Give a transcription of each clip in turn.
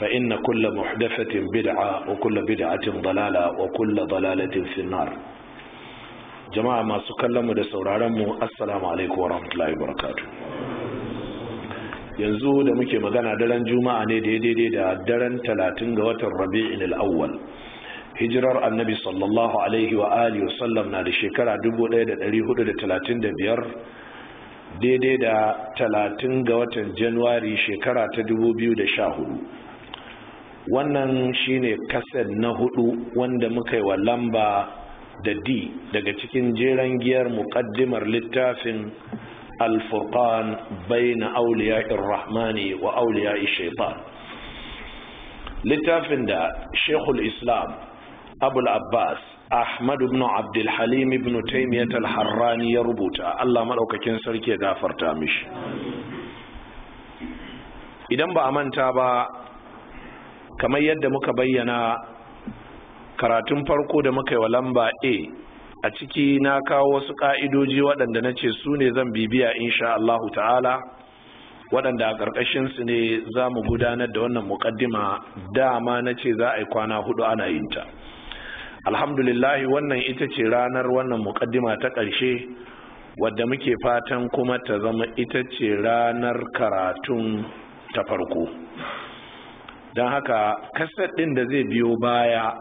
فإن كل محدثة بدعة وكل بدعة ضلالة وكل ضلالة في النار جماعة ما سكلم دا سورارم السلام عليكم ورحمة الله وبركاته yanzu da muke magana daren juma'a ne daidai da daren talatin ga watan rabi'in al'awwal hijirar annabi sallallahu alaihi wa alihi wasallam na da shekara biyar, daidai da talatin ga watan januwari shekara ta 2014 wannan shine kaset na hudu wanda muka yi wa lamba da d daga cikin jeren giyar muƙaddimar littafin alfurqan bayna auliya rahmani wa auliya shaitan littafin da shekul islam abul abbas ahmad ibn abdulhalim ibn taimiyat al-harrani ya rubuta allah maɗaukakin sarki ya gafarta mishi idan ba a manta ba kamar yadda muka bayyana karatun farko da muka yi wa lamba a a ciki na kawo wasu ka'idoji waɗanda na ce su ne zan bibiya insha Allahu ta'ala waɗanda a ƙarƙashinsu ne za mu gudanar da wannan muƙaddima dama na ce za a yi kwana hudu ana yin ta alhamdulillahi wannan ita ce ranar wannan muƙaddima ta ƙarshe wadda muke fatan kuma ta zama ita ce ranar karatun ta farko don haka kasar ɗin da zai biyo baya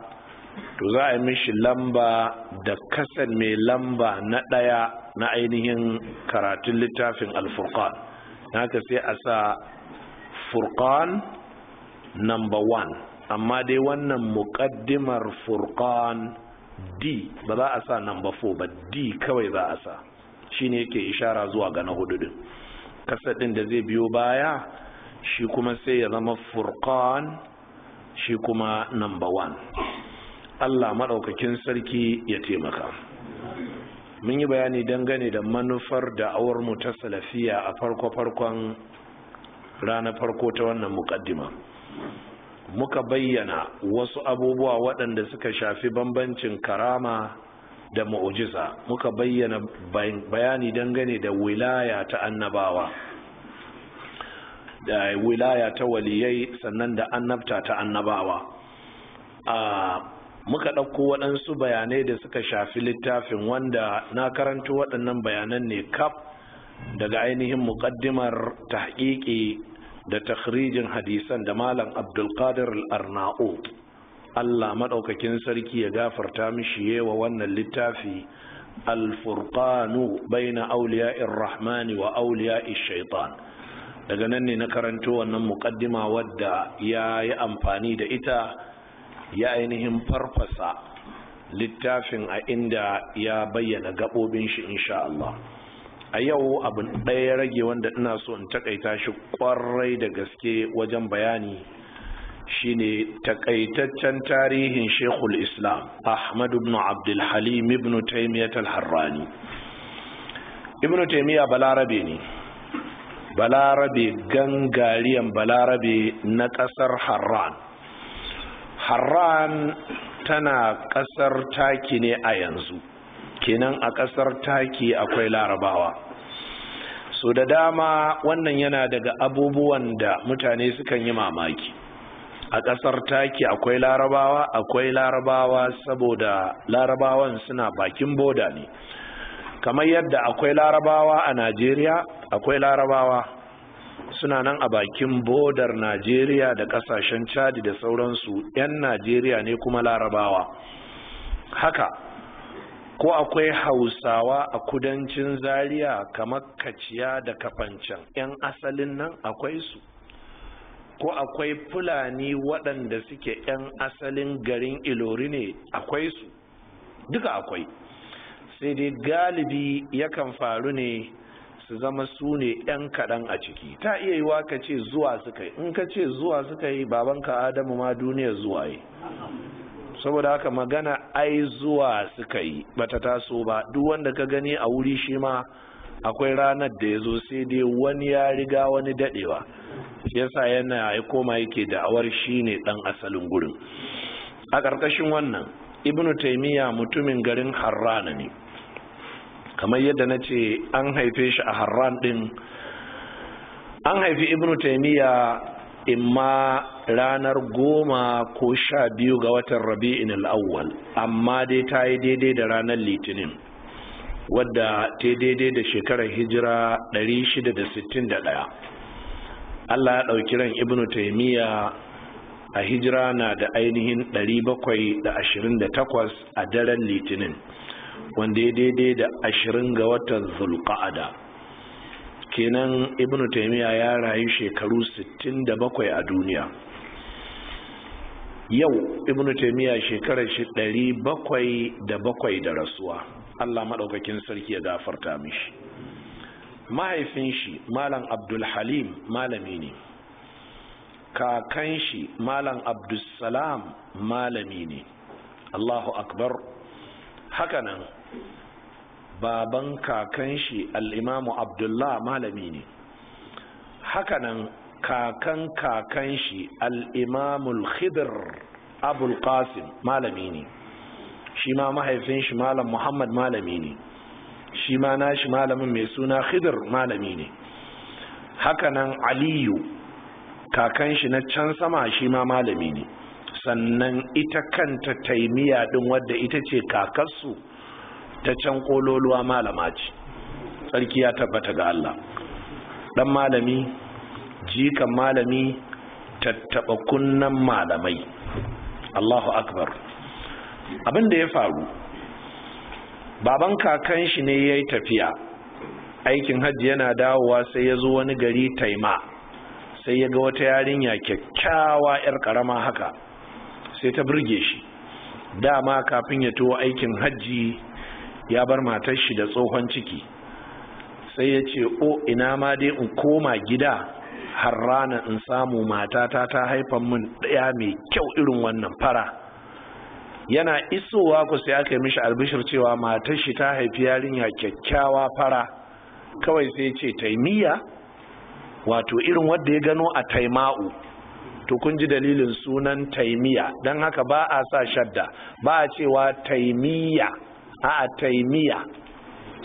to za a yi mishi lamba da kasar mai lamba na ɗaya na ainihin karatun littafin alfurkan na haka sai a sa furkan number one amma dai wannan muƙaddimar furkan d ba za a sa number four ba d kawai za a sa shine yake ishara zuwa ga na hudu din kasar ɗin da zai biyo baya shi kuma sai ya zama furqan shi kuma number one Allah maɗaukakin sarki ya taimaka mun yi bayani dangane da manufar daawarmu mu ta salafiya a farko-farkon ranar farko ta wannan mukaddima muka bayyana wasu abubuwa waɗanda suka shafi bambancin karama da mu'ujiza muka bayyana bayani dangane da wilaya ta annabawa da wilaya ta waliyai sannan da annabta ta annabawa muka ɗauko waɗansu bayanai da suka shafi littafin wanda na karanto waɗannan bayanan ne kaf daga ainihin muƙaddimar tahqiqi da takhrijin hadisan da malam abdulkadir Arna'u. allah maɗaukakin sarki ya gafarta mishi yewa wannan littafi alfurqanu baina auliya'ir rahmani wa auliya'ish shaitan daga nan ne na karanto wannan mukaddima wadda ya yi amfani da ita ya ainihin farfasa littafin a inda ya bayyana gaɓoɓin shi insha Allah a yau abin ɗaya ya rage wanda ina so in takaita shi ƙwarai da gaske wajen bayani shine takaitaccen tarihin shekul islam ahmad ibn abdulhalim ibn taimiyat al-harrani ibn taimiyya balarabe ne balarabe gangariyan balarabe na ƙasar harran harran tana ƙasar taki ne a yanzu kenan a ƙasar taki akwai larabawa so da dama wannan yana daga abubuwan da mutane sukan yi mamaki a ƙasar taki akwai larabawa akwai larabawa saboda larabawan suna bakin boda ne kamar yadda akwai larabawa a najeriya akwai larabawa suna nan a bakin bodar najeriya da kasashen chadi da sauransu 'yan najeriya ne kuma larabawa haka ko akwai hausawa a kudancin zaria kamar kaciya da kafancan 'yan asalin nan akwai su ko akwai fulani waɗanda suke 'yan asalin garin ilori ne akwai su duka akwai sai dai galibi yakan faru ne su zama su ne 'yan kaɗan a ciki ta iya yi ka ce zuwa suka yi in ka ce zuwa suka yi babanka adamu ma duniya zuwa yi saboda haka magana ai zuwa suka yi bata taso ba duk wanda ka gani a wuri shi ma akwai ranar da ya zo sai dai wani ya riga wani dadewa yasa yana ya koma yake da'awar shi ne dan asalin gurin a ƙarƙashin wannan ibnu taimiyya mutumin garin harrana ne kamar yadda na ce an haife shi a harran ɗin, an haifi ibnu taimiyya imma ranar goma ko sha biyu ga watan rabi'in al'awwal amma dai ta yi daidai da ranar litinin wadda ta daidai da shekarar hijira 661 allah ya ɗauki ran ibnu taimiyya a hijira na da ainihin 728 a daren litinin wanda ya daidai da ashirin ga watan zulqa'ada kenan ibnu taimiyya ya rayu shekaru 67 a duniya yau ibnu taimiyya shekarar shi 707 da rasuwa allah maɗaukakin sarki ya gafarta mishi mahaifin shi malam abdulhalim malami ne kakan shi malam abdulsalam malami ne allahu akbar hakanan baban kakan shi al'imamu abdullah malami ne hakanan kakan kakan shi al'imamul khidr abul qasim malami ne shi ma mahaifin shi malam muhammad malami ne shi ma nashi malamin mai suna khidr malami ne hakanan aliyu kakan shi na can sama shi ma malami ne sannan ita kanta taimiya din wadda ita ce kakarsu ta can kololuwa malama ce sarki ya tabbata ga Allah dan malami jikan malami tattaba kunnan malamai Allahu akbar abin da ya faru baban kakan shi ne yayi tafiya aikin hajji yana dawowa sai ya zo wani gari taima sai ya ga wata yarinya kyakkyawa 'yar karama haka sai ta burge shi dama kafin ya tuho aikin hajji ya bar matar shi da tsohon ciki sai ya ce o ina ma dai in koma gida har rana in samu matata ta haifan min daya mai kyau irin wannan fara yana isowa ku sai aka yi mishi albishir cewa matar shi ta haifi yarinya kyakkyawa fara kawai sai ce taimiyya wato irin wanda ya gano a taima'u to kun ji dalilin sunan taimiya don haka ba a sa shadda ba a cewa taimiya a taimiya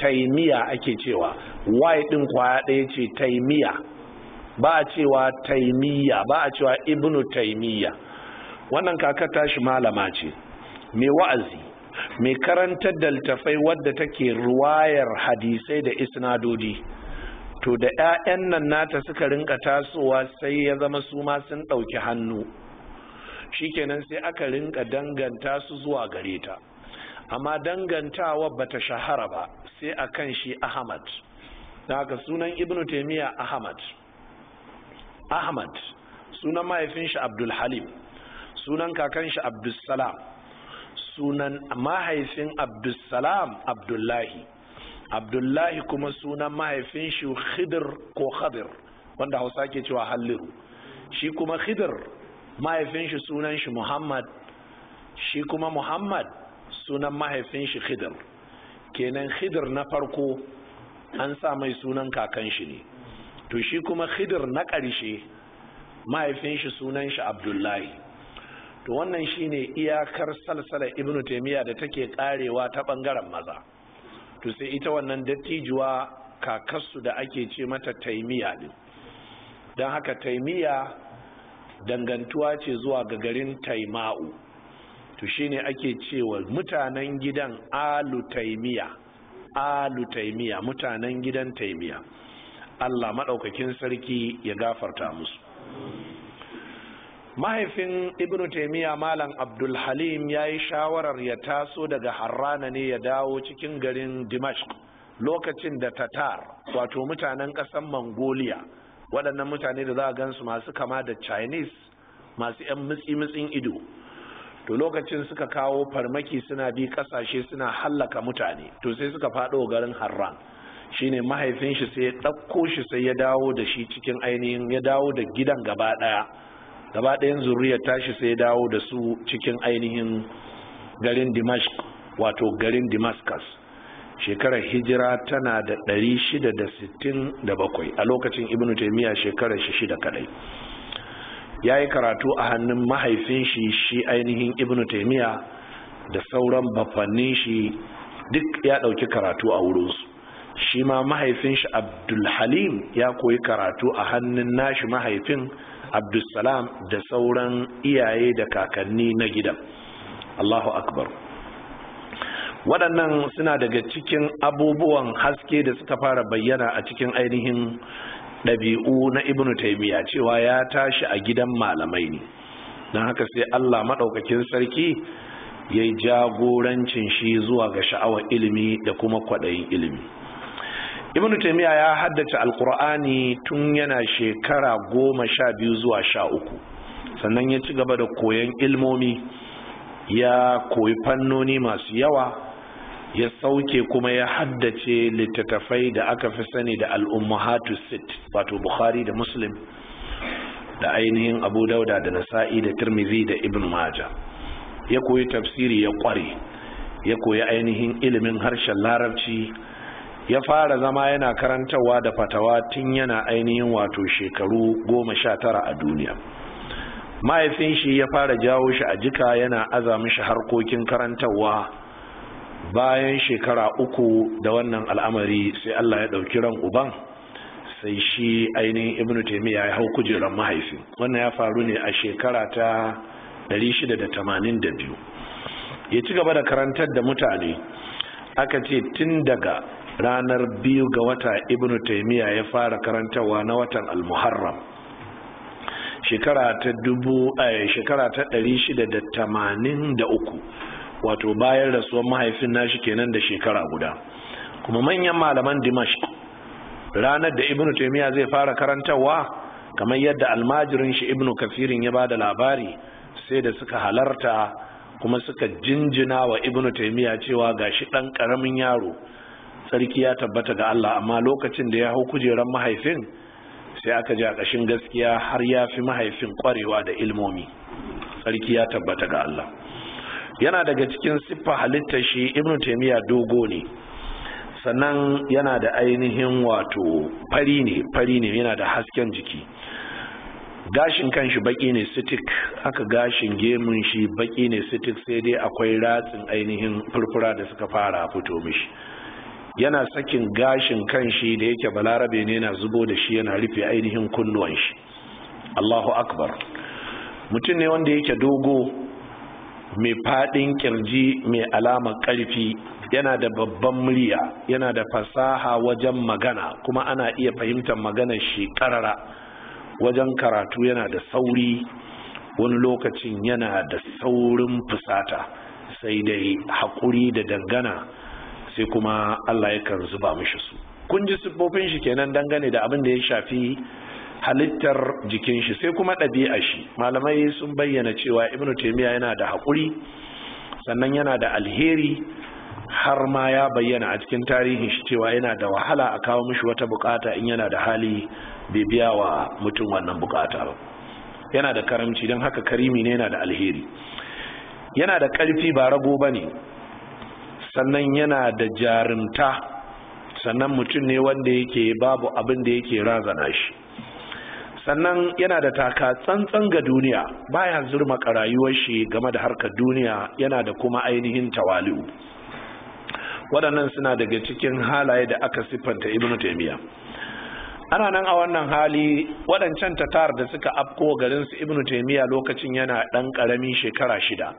taimiya ake cewa y din kwaya ɗaya ce taimiya ba a cewa taimiya ba a cewa ibnu taimiya wannan kaka tashi malama ce mai wa'azi mai karantar da wadda take ruwayar hadisai da isnadodi to da 'ya'yan nan nata suka rinka tasowa sai ya zama su ma sun ɗauki hannu shi kenan sai aka rinka danganta su zuwa gare ta amma dangantawa ba ta shahara ba sai akan shi ahmad Na ka sunan ibnu taimiyya ahmad ahmad sunan mahaifin shi abdul halim sunan kakan shi abdulsalam sunan mahaifin abdulsalam abdullahi abdullahi kuma sunan mahaifin shi khidir ko khadir wanda hausa ke cewa halliru shi kuma khidir mahaifin shi sunan shi muhammad shi kuma muhammad sunan mahaifin shi khidir kenan khidir na farko an sa mai sunan kakan shi ne to shi kuma khidir na ƙarshe mahaifin shi sunan shi abdullahi to wannan shine iyakar salsala ibnu taimiyya da take karewa ta ɓangaren maza to sai ita wannan dattijuwa kakarsu da ake ce mata taimiya ne, don haka taimiya dangantuwa ce zuwa ga garin taima'u to ne ake cewa mutanen gidan alu taimiya alu taimiya mutanen gidan taimiya Allah maɗaukakin sarki ya gafarta musu mahaifin ibn taimiyya malam abdul ya yi shawarar ya taso daga harrana ne ya dawo cikin garin dimashq lokacin da tatar wato mutanen ƙasar mongolia waɗannan mutane da za a gansu masu kama da chinese masu 'yan mutsi mutsin ido to lokacin suka kawo farmaki suna bi ƙasashe suna hallaka mutane to sai suka faɗo garin harran shine mahaifin shi sai ya ɗauko shi sai ya dawo da shi cikin ainihin ya dawo da gidan gaba ɗaya gaba ɗayan zuriyar tashi sai dawo da su cikin ainihin garin dimashq wato garin damascus shekarar hijira tana da 667 a lokacin ibn taimiyya shekarar shi shida kadai ya yi karatu a hannun mahaifin shi shi ainihin ibn taimiyya da sauran bafannin shi duk ya ɗauki karatu a wurinsu shi ma mahaifin shi abdulhalim ya koyi karatu a hannun nashi mahaifin abdulsalam da sauran iyaye da kakanni na gidan allahu akbar waɗannan suna daga cikin abubuwan haske da suka fara bayyana a cikin ainihin ɗabi'u na ibnu taimiyya cewa ya tashi a gidan malamai ne don haka sai allah maɗaukakin sarki ya yi jagorancin shi zuwa ga sha'awar ilimi da kuma kwaɗayin ilimi ibnu taimiyya ya haddace alkur'ani tun yana shekara goma sha biyu zuwa sha uku sannan ya ci gaba da koyon ilmomi ya koyi fannoni masu yawa ya sauke kuma ya haddace littattafai da aka fi sani da al'ummahatu sit wato bukhari da muslim da ainihin abu dauda da nasa'i da tirmidhi da ibn maja ya koyi tafsiri ya kware ya koyi ainihin ilimin harshen larabci ya fara zama yana karantarwa da fatawa tun yana ainihin wato shekaru goma sha tara a duniya mahaifin shi ya fara jawo shi a jika yana aza mishi harkokin karantarwa bayan shekara uku da wannan al'amari sai Allah ya ɗauki ran uban sai shi ainihin ibnu taimiyya ya hau kujerar mahaifin wannan ya faru ne a shekara ta 682 ya ci gaba da karantar da mutane aka ce tun daga ranar biyu ga wata ibnu taimiyya ya fara karantarwa na watan al-muharram shekara ta dubu eh, shekara ta ɗari shida da tamanin da uku wato bayan rasuwar mahaifin nashi kenan da shekara guda kuma manyan malaman dimash ranar da ibnu taimiyya zai fara karantarwa kamar yadda almajirin shi ibnu kafirin ya ba da labari sai da suka halarta kuma suka jinjina wa ibnu taimiyya cewa gashi ɗan karamin yaro sarki ya tabbata ga Allah amma lokacin da ya hau kujeran mahaifin sai aka ji a ƙashin gaskiya har ya fi mahaifin ƙwarewa da ilmomi sarki ya tabbata ga Allah yana daga cikin siffa halitta shi Ibn taimiyya dogo ne sannan yana da ainihin wato fari ne fari ne yana da hasken jiki gashin kanshi baki ne sitik haka gashin gemun shi baki ne sitik sai dai akwai ratsin ainihin furfura da suka fara fito mishi yana sakin gashin kan shi da yake balarabe ne yana zubo da shi yana rufe ainihin kunnuwan shi Allahu akbar mutum ne wanda yake dogo mai fadin kirji mai alama karfi yana da babban murya yana da fasaha wajen magana kuma ana iya fahimtar maganar shi karara wajen karatu yana da sauri wani lokacin yana da saurin fusata sai dai haƙuri da dangana sai kuma Allah ya yakan zuba mishi su kun ji siffofin shi kenan dangane da abin da ya shafi halittar jikin shi sai kuma ɗabi'a shi malamai sun bayyana cewa ibnu taymiya yana da haƙuri sannan yana da alheri har ma ya bayyana a cikin tarihin shi cewa yana da wahala a kawo mishi wata bukata in yana da hali bai biya wa mutum wannan bukata ba yana da karamci don haka karimi ne yana da alheri yana da ƙarfi ba rago ba ne sannan yana da jarumta sannan mutum ne wanda yake babu abin da yake razana shi sannan yana da taka tsantsan ga duniya baya zurmaka rayuwar shi game da harkar duniya yana da kuma ainihin tawali'u waɗannan suna daga cikin halaye da aka siffanta ibnu taymiya ana nan a wannan hali waɗancan tatar da suka afko garinsu ibnu taymiya lokacin yana ɗan ƙaramin shekara shida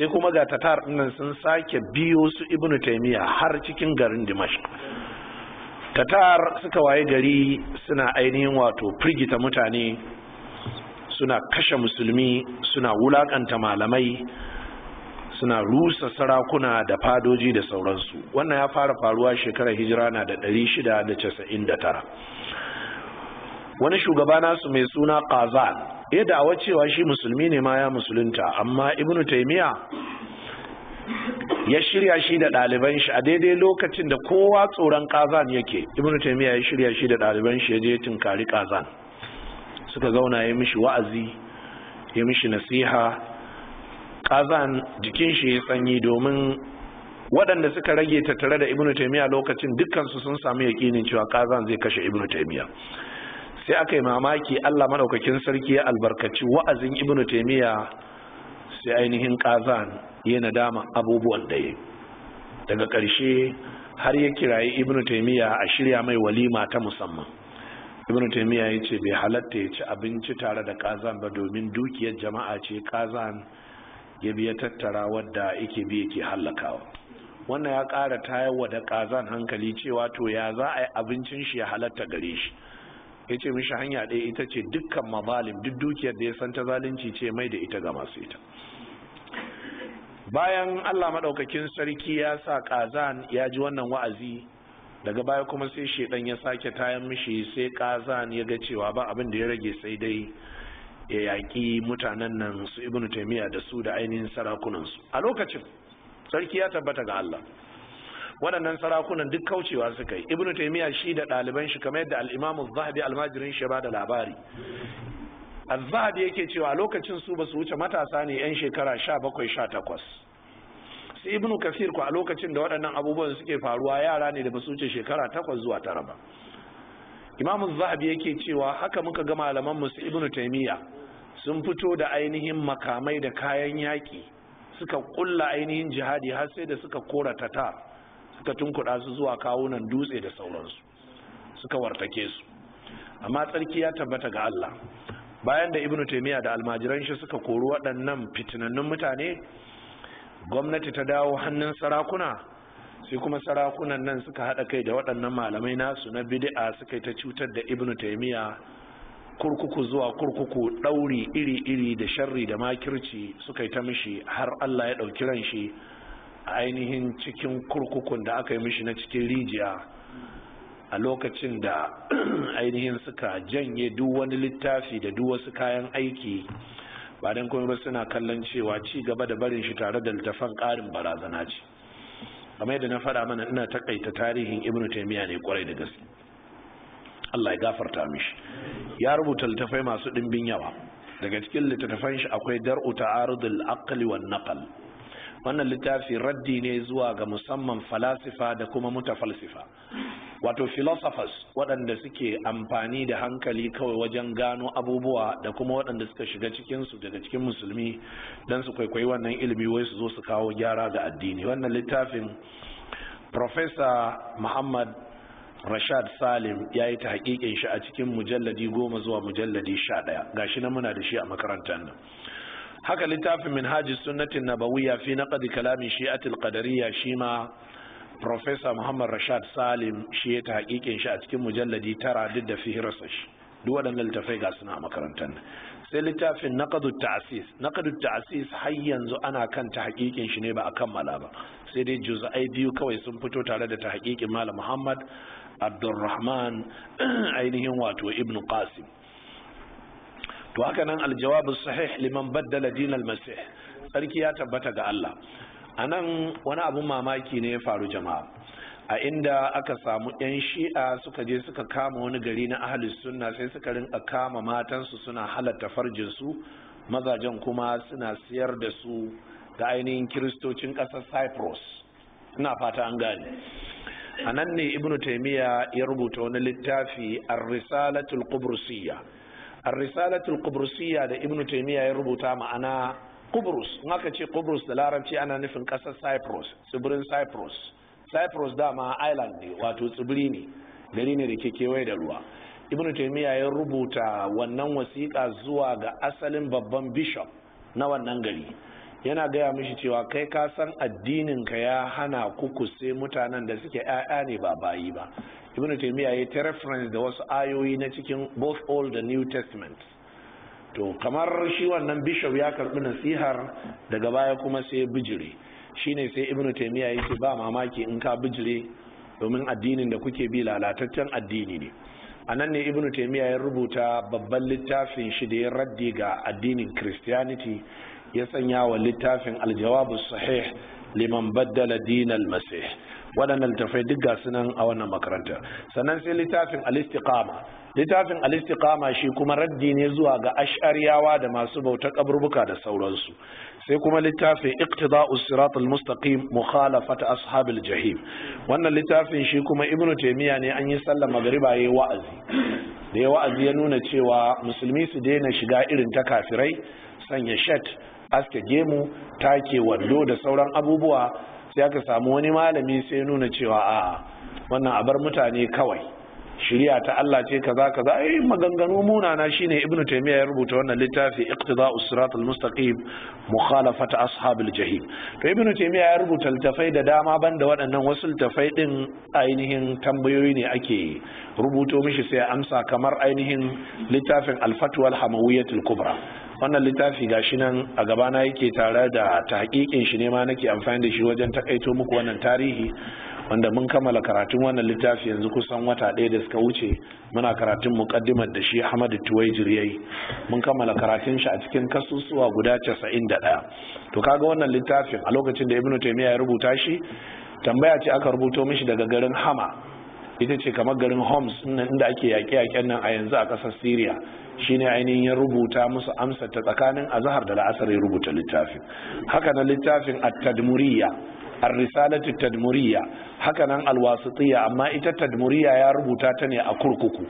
sai kuma ga tatar nan sun sake biyo su ibnu taimiyya har cikin garin dimashq tatar suka waye gari suna ainihin wato firgita mutane suna kashe musulmi suna wulakanta malamai suna rusa sarakuna da fadoji da sauransu wannan ya fara faruwa shekarar hijira na da 699 wani shugaba nasu mai suna kazan ya da'awa cewa shi musulmi ne ma ya musulunta amma ibnu taimiya ya shirya shi da ɗaliban shi a daidai lokacin da kowa tsoron kazan yake ibnu taimiya ya shirya shi da ɗaliban shi ya je tinkari kazan suka zauna ya mishi wa'azi ya mishi nasiha kazan jikin shi ya sanyi domin waɗanda suka rage tattare da ibnu taimiya lokacin dukkansu sun samu yaƙinin cewa kazan zai kashe ibnu taimiya sai aka yi mamaki Allah maɗaukakin sarki ya albarkaci wa'azin ibnu taimiya sai ainihin ƙazan ya nadama abubuwan da daga ƙarshe har ya kirayi ibnu taimiya a shirya mai walima ta musamman ibnu taimiya ya ce bai halatta ya ci abinci tare da ƙazan ba domin dukiyar jama'a ce ƙazan ya biya tattara wadda yake bi yake hallakawa wannan ya ƙara wa da ƙazan hankali cewa to ya za a yi abincin shi ya halatta gare shi ya ce mishi hanya ɗaya ita ce dukkan mazalim duk dukiyar da ya san ta zalunci ce mai da ita ga masu ita bayan allah maɗaukakin sarki ya sa ƙazan ya ji wannan wa'azi daga baya kuma sai shaidan ya sake tayan mishi sai ƙazan ya ga cewa ba abin da ya rage sai dai ya yaƙi mutanen nan su ibnu taimiyya da su da ainihin sarakunansu a lokacin sarki ya tabbata ga allah waɗannan sarakunan duk kaucewa suka yi ibnu taymiya shi da ɗaliban shi kamar yadda al zahabi almajirin shi ba da labari az yake cewa lokacin su ba su wuce matasa ne yan shekara 17 18 sai ibnu kasir ku a lokacin da waɗannan abubuwan suke faruwa yara ne da ba su wuce shekara 8 zuwa 9 ba imamu zahabi yake cewa haka muka ga malaman mu su ibnu taymiya sun fito da ainihin makamai da kayan yaki, suka kulla ainihin jihadi har sai da suka kora tatar suka tunkuɗa su zuwa kawunan dutse da sauransu suka wartake su amma tsarki ya tabbata ga Allah bayan da ibnu taimiyya da almajiran shi suka kori waɗannan fitinannun mutane gwamnati ta dawo hannun sarakuna sai kuma sarakunan nan suka haɗa kai da waɗannan malamai nasu na bid'a suka yi ta cutar da ibnu taimiyya kurkuku zuwa kurkuku ɗauri iri-iri da sharri da makirci suka ta mishi har Allah ya ɗauki ran shi A ainihin cikin kurkukun da aka yi mishi na cikin rijiya a lokacin da ainihin suka janye duk wani littafi da duk wasu kayan aiki ba don kuma suna kallon cewa ci gaba da barin shi tare da littafan ƙarin barazana ce kamar da na faɗa mana ina takaita tarihin ibnu taimiyya ne kwarai da gaske Allah ya gafarta mishi ya rubuta littafai masu ɗimbin yawa daga cikin littattafan shi akwai dar'u ta'arudul aqli wan naqal wannan littafi raddi ne zuwa ga musamman falasifa da kuma mutafalsifa wato philosophers waɗanda suke amfani da hankali kawai wajen gano abubuwa da kuma waɗanda suka shiga cikinsu daga cikin musulmi don su kwaikwayi wannan ilimi wai su zo su kawo gyara ga addini wannan littafin Profesa muhammad rashad salim ya yi ta hakikin shi a cikin mujalladi goma zuwa mujalladi sha ɗaya gashi na muna da shi a makarantar nan haka littafin minhajis sunnatin nabawiyya fi naqdi kalamin shi'atil qadariyya shi ma professor Muhammad Rashad Salim shi ya ta hakikin shi a cikin mujalladi tara duk da fihirarsa shi duk waɗannan littafai ga suna a makarantar sai littafin naqdu ta'sis naqdu ta'sis har yanzu ana kan ta hakikin shi ne ba a kammala ba sai dai juz'ai biyu kawai sun fito tare da ta hakikin Malam Muhammad Abdulrahman ainihin wato Ibn Qasim to haka nan aljawabu sahih liman baddala dinal masih sarki ya tabbata ga Allah anan wani abun mamaki ne ya faru jama'a a inda aka samu 'yan shi'a suka je suka kama wani gari na ahalus sunna sai suka rinka kama matansu suna halatta farjinsu mazajen kuma suna siyar da su ga ainihin kiristocin ƙasar cyprus ina fata an gane a nan ne ibnu taimiyya ya rubuta wani littafi ar-risalatul qubrusiyya a risalatul qubrusiyya da ibnu taymiya ya rubuta ma'ana Kubrus, in aka ce Kubrus da larabci ana nufin ƙasar Cyprus, tsibirin Cyprus. Cyprus dama island ne, wato tsibiri ne, gari ne da ke kewaye da ruwa. Ibn Taymiyyah ya rubuta wannan wasiƙa zuwa ga asalin babban bishop na wannan gari. Yana gaya mishi cewa kai ka san addinin ka ya hana ku mutanen da suke 'ya'ya ne ba bayi ba. ibn taymiya ya ta reference da wasu ayoyi na cikin both old and new testament to kamar shi wannan bishop ya karbi nasihar daga baya kuma sai bijire shine sai ibn taymiya ya ce ba mamaki in ka bijire domin addinin da kuke bi lalataccen addini ne a nan ne ibn taymiya ya rubuta babban littafin shi da ya raddi ga addinin christianity ya sanya wa littafin aljawabu sahih liman baddala dinal masih waɗannan littafai duk ga sunan a wannan makarantar. sannan sai littafin al littafin al shi kuma raddi ne zuwa ga ash'ariyawa da masu bauta kaburbuka da sauransu sai kuma littafin iqtida'u siratul al-mustaqim mukhalafat ashabil jahim wannan littafin shi kuma ibnu taymiya ne an yi sallar magriba yayi wa'azi da ya wa'azi ya nuna cewa musulmi su daina shiga irin ta kafirai sanya shat aske gemu take wando da sauran abubuwa sai aka samu wani malami sai nuna cewa a wannan abar mutane kawai shirya ta Allah ce kaza kaza ai maganganu munana shine ibnu taymiya ya rubuta wannan littafi iqtida'us siratal mustaqim mukhalafat ashabil jahim to ibnu taymiya ya rubuta littafai da dama banda waɗannan wasu littafai din ainihin tambayoyi ne ake rubuto mishi sai amsa kamar ainihin littafin al-fatwa al-hamawiyyah al-kubra wannan littafi ga shi nan a gabana yake tare da ta hakikin shi ne ma nake amfani da shi wajen takaito muku wannan tarihi wanda mun kammala karatun wannan littafi yanzu kusan wata ɗaya da suka wuce muna karatun muƙaddimar da shi Ahmadu Tuwaijir yayi mun kammala karatun shi a cikin kasusuwa guda 91 to kaga wannan littafin a lokacin da Ibn Taymiyyah ya rubuta shi tambaya ce aka rubuto mishi daga garin Hama ita ce kamar garin Homs inda ake yaƙe-yaƙen nan a yanzu a ƙasar Syria shine ainihin ya rubuta musu amsa ta tsakanin azhar da la'asar ya rubuta littafin haka nan littafin at-tadmuriyya ar-risalatu tadmuriyya haka nan al-wasitiyya amma ita tadmuriyya ya rubuta ta ne a kurkuku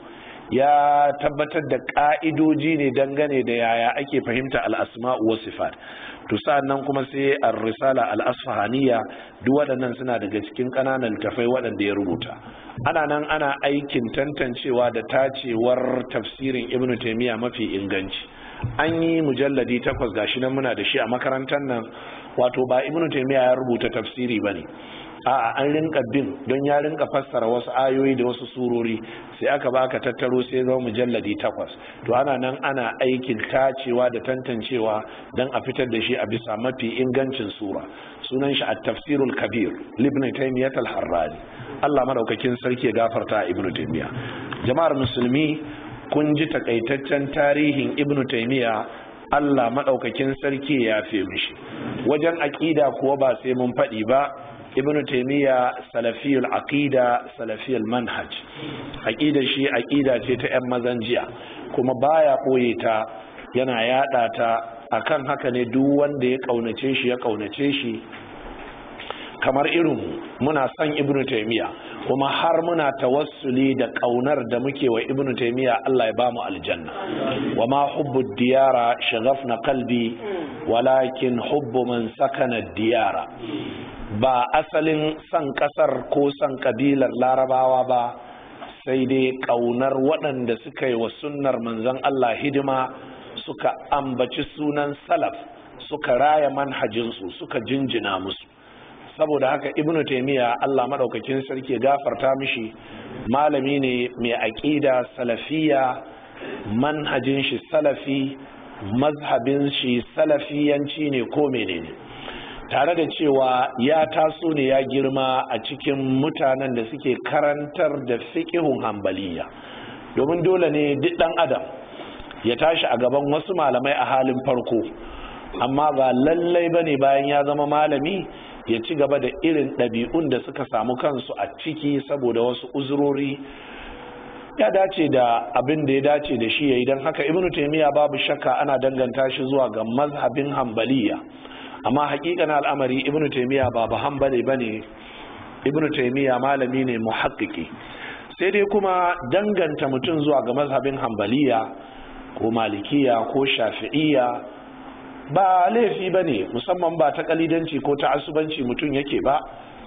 ya tabbatar da ƙa'idoji ne dangane da yaya ake fahimta al-asma'u was sifat to sa'annan kuma sai ar-risala al-asfahaniya duk waɗannan suna daga cikin ƙananan tafai waɗanda ya rubuta ana nan ana aikin tantancewa da tacewar tafsirin ibnu taymiya mafi inganci an yi mujalladi takwas gashi nan muna da shi a makarantar nan wato ba ibnu taymiya ya rubuta tafsiri bane A'a an rinka bin don ya rinka fassara wasu ayoyi da wasu surori sai aka baka tattaro sai zama mujalladi takwas to ana nan ana aikin tacewa da tantancewa don a fitar da shi a bisa mafi ingancin sura sunan shi a tafsirul kabir ta yi al-harrani Allah maraukakin sarki ya gafarta ibnu Taimiyya. jama'ar musulmi kun ji takaitaccen tarihin ibnu Taimiyya, Allah maɗaukakin sarki ya fi mishi wajen aƙida kuwa ba sai mun faɗi ba ibn taymiya salafiyul aqida salafiyul manhaj aqida shi aqida ce ta yan mazan jiya kuma baya boye ta yana yada ta akan haka ne duk wanda ya kaunace shi ya kaunace shi kamar irin muna son ibn taymiya kuma har muna tawassuli da kaunar da muke wa ibn taymiya Allah ya bamu aljanna wa ma diyara shaghafna qalbi walakin hubbu man sakana diyara ba asalin san kasar ko san kabilar larabawa ba sai dai ƙaunar waɗanda suka yi wa sunnar manzon Allah hidima suka ambaci sunan salaf suka raya manhajinsu suka jinjina musu saboda haka ibnu taimiyya Allah maɗaukakin sarki gafarta mishi malami ne mai aƙida salafiya manhajin shi salafi mazhabin shi salafiyanci ne ko menene tare da cewa ya taso ne ya girma a cikin mutanen da suke karantar da fiƙihun hambaliya domin dole ne duk ɗan adam ya tashi a gaban wasu malamai a halin farko amma ba lallai ba ne bayan ya zama malami ya ci gaba da irin ɗabi'un da suka samu kansu a ciki saboda wasu uzurori ya dace da abin da ya dace da shi ya yi don haka ibnu taimiyya babu shakka ana danganta shi zuwa ga mazhabin hambaliya amma hakika na al'amari ibnu taymiya ba bahan bane bane ibnu taymiya malami ne muhakkiki sai dai kuma danganta mutum zuwa ga mazhabin hambaliya ko malikiya ko shafi'iyya ba laifi bane musamman ba ta kalidanci ko ta asubanci mutum yake ba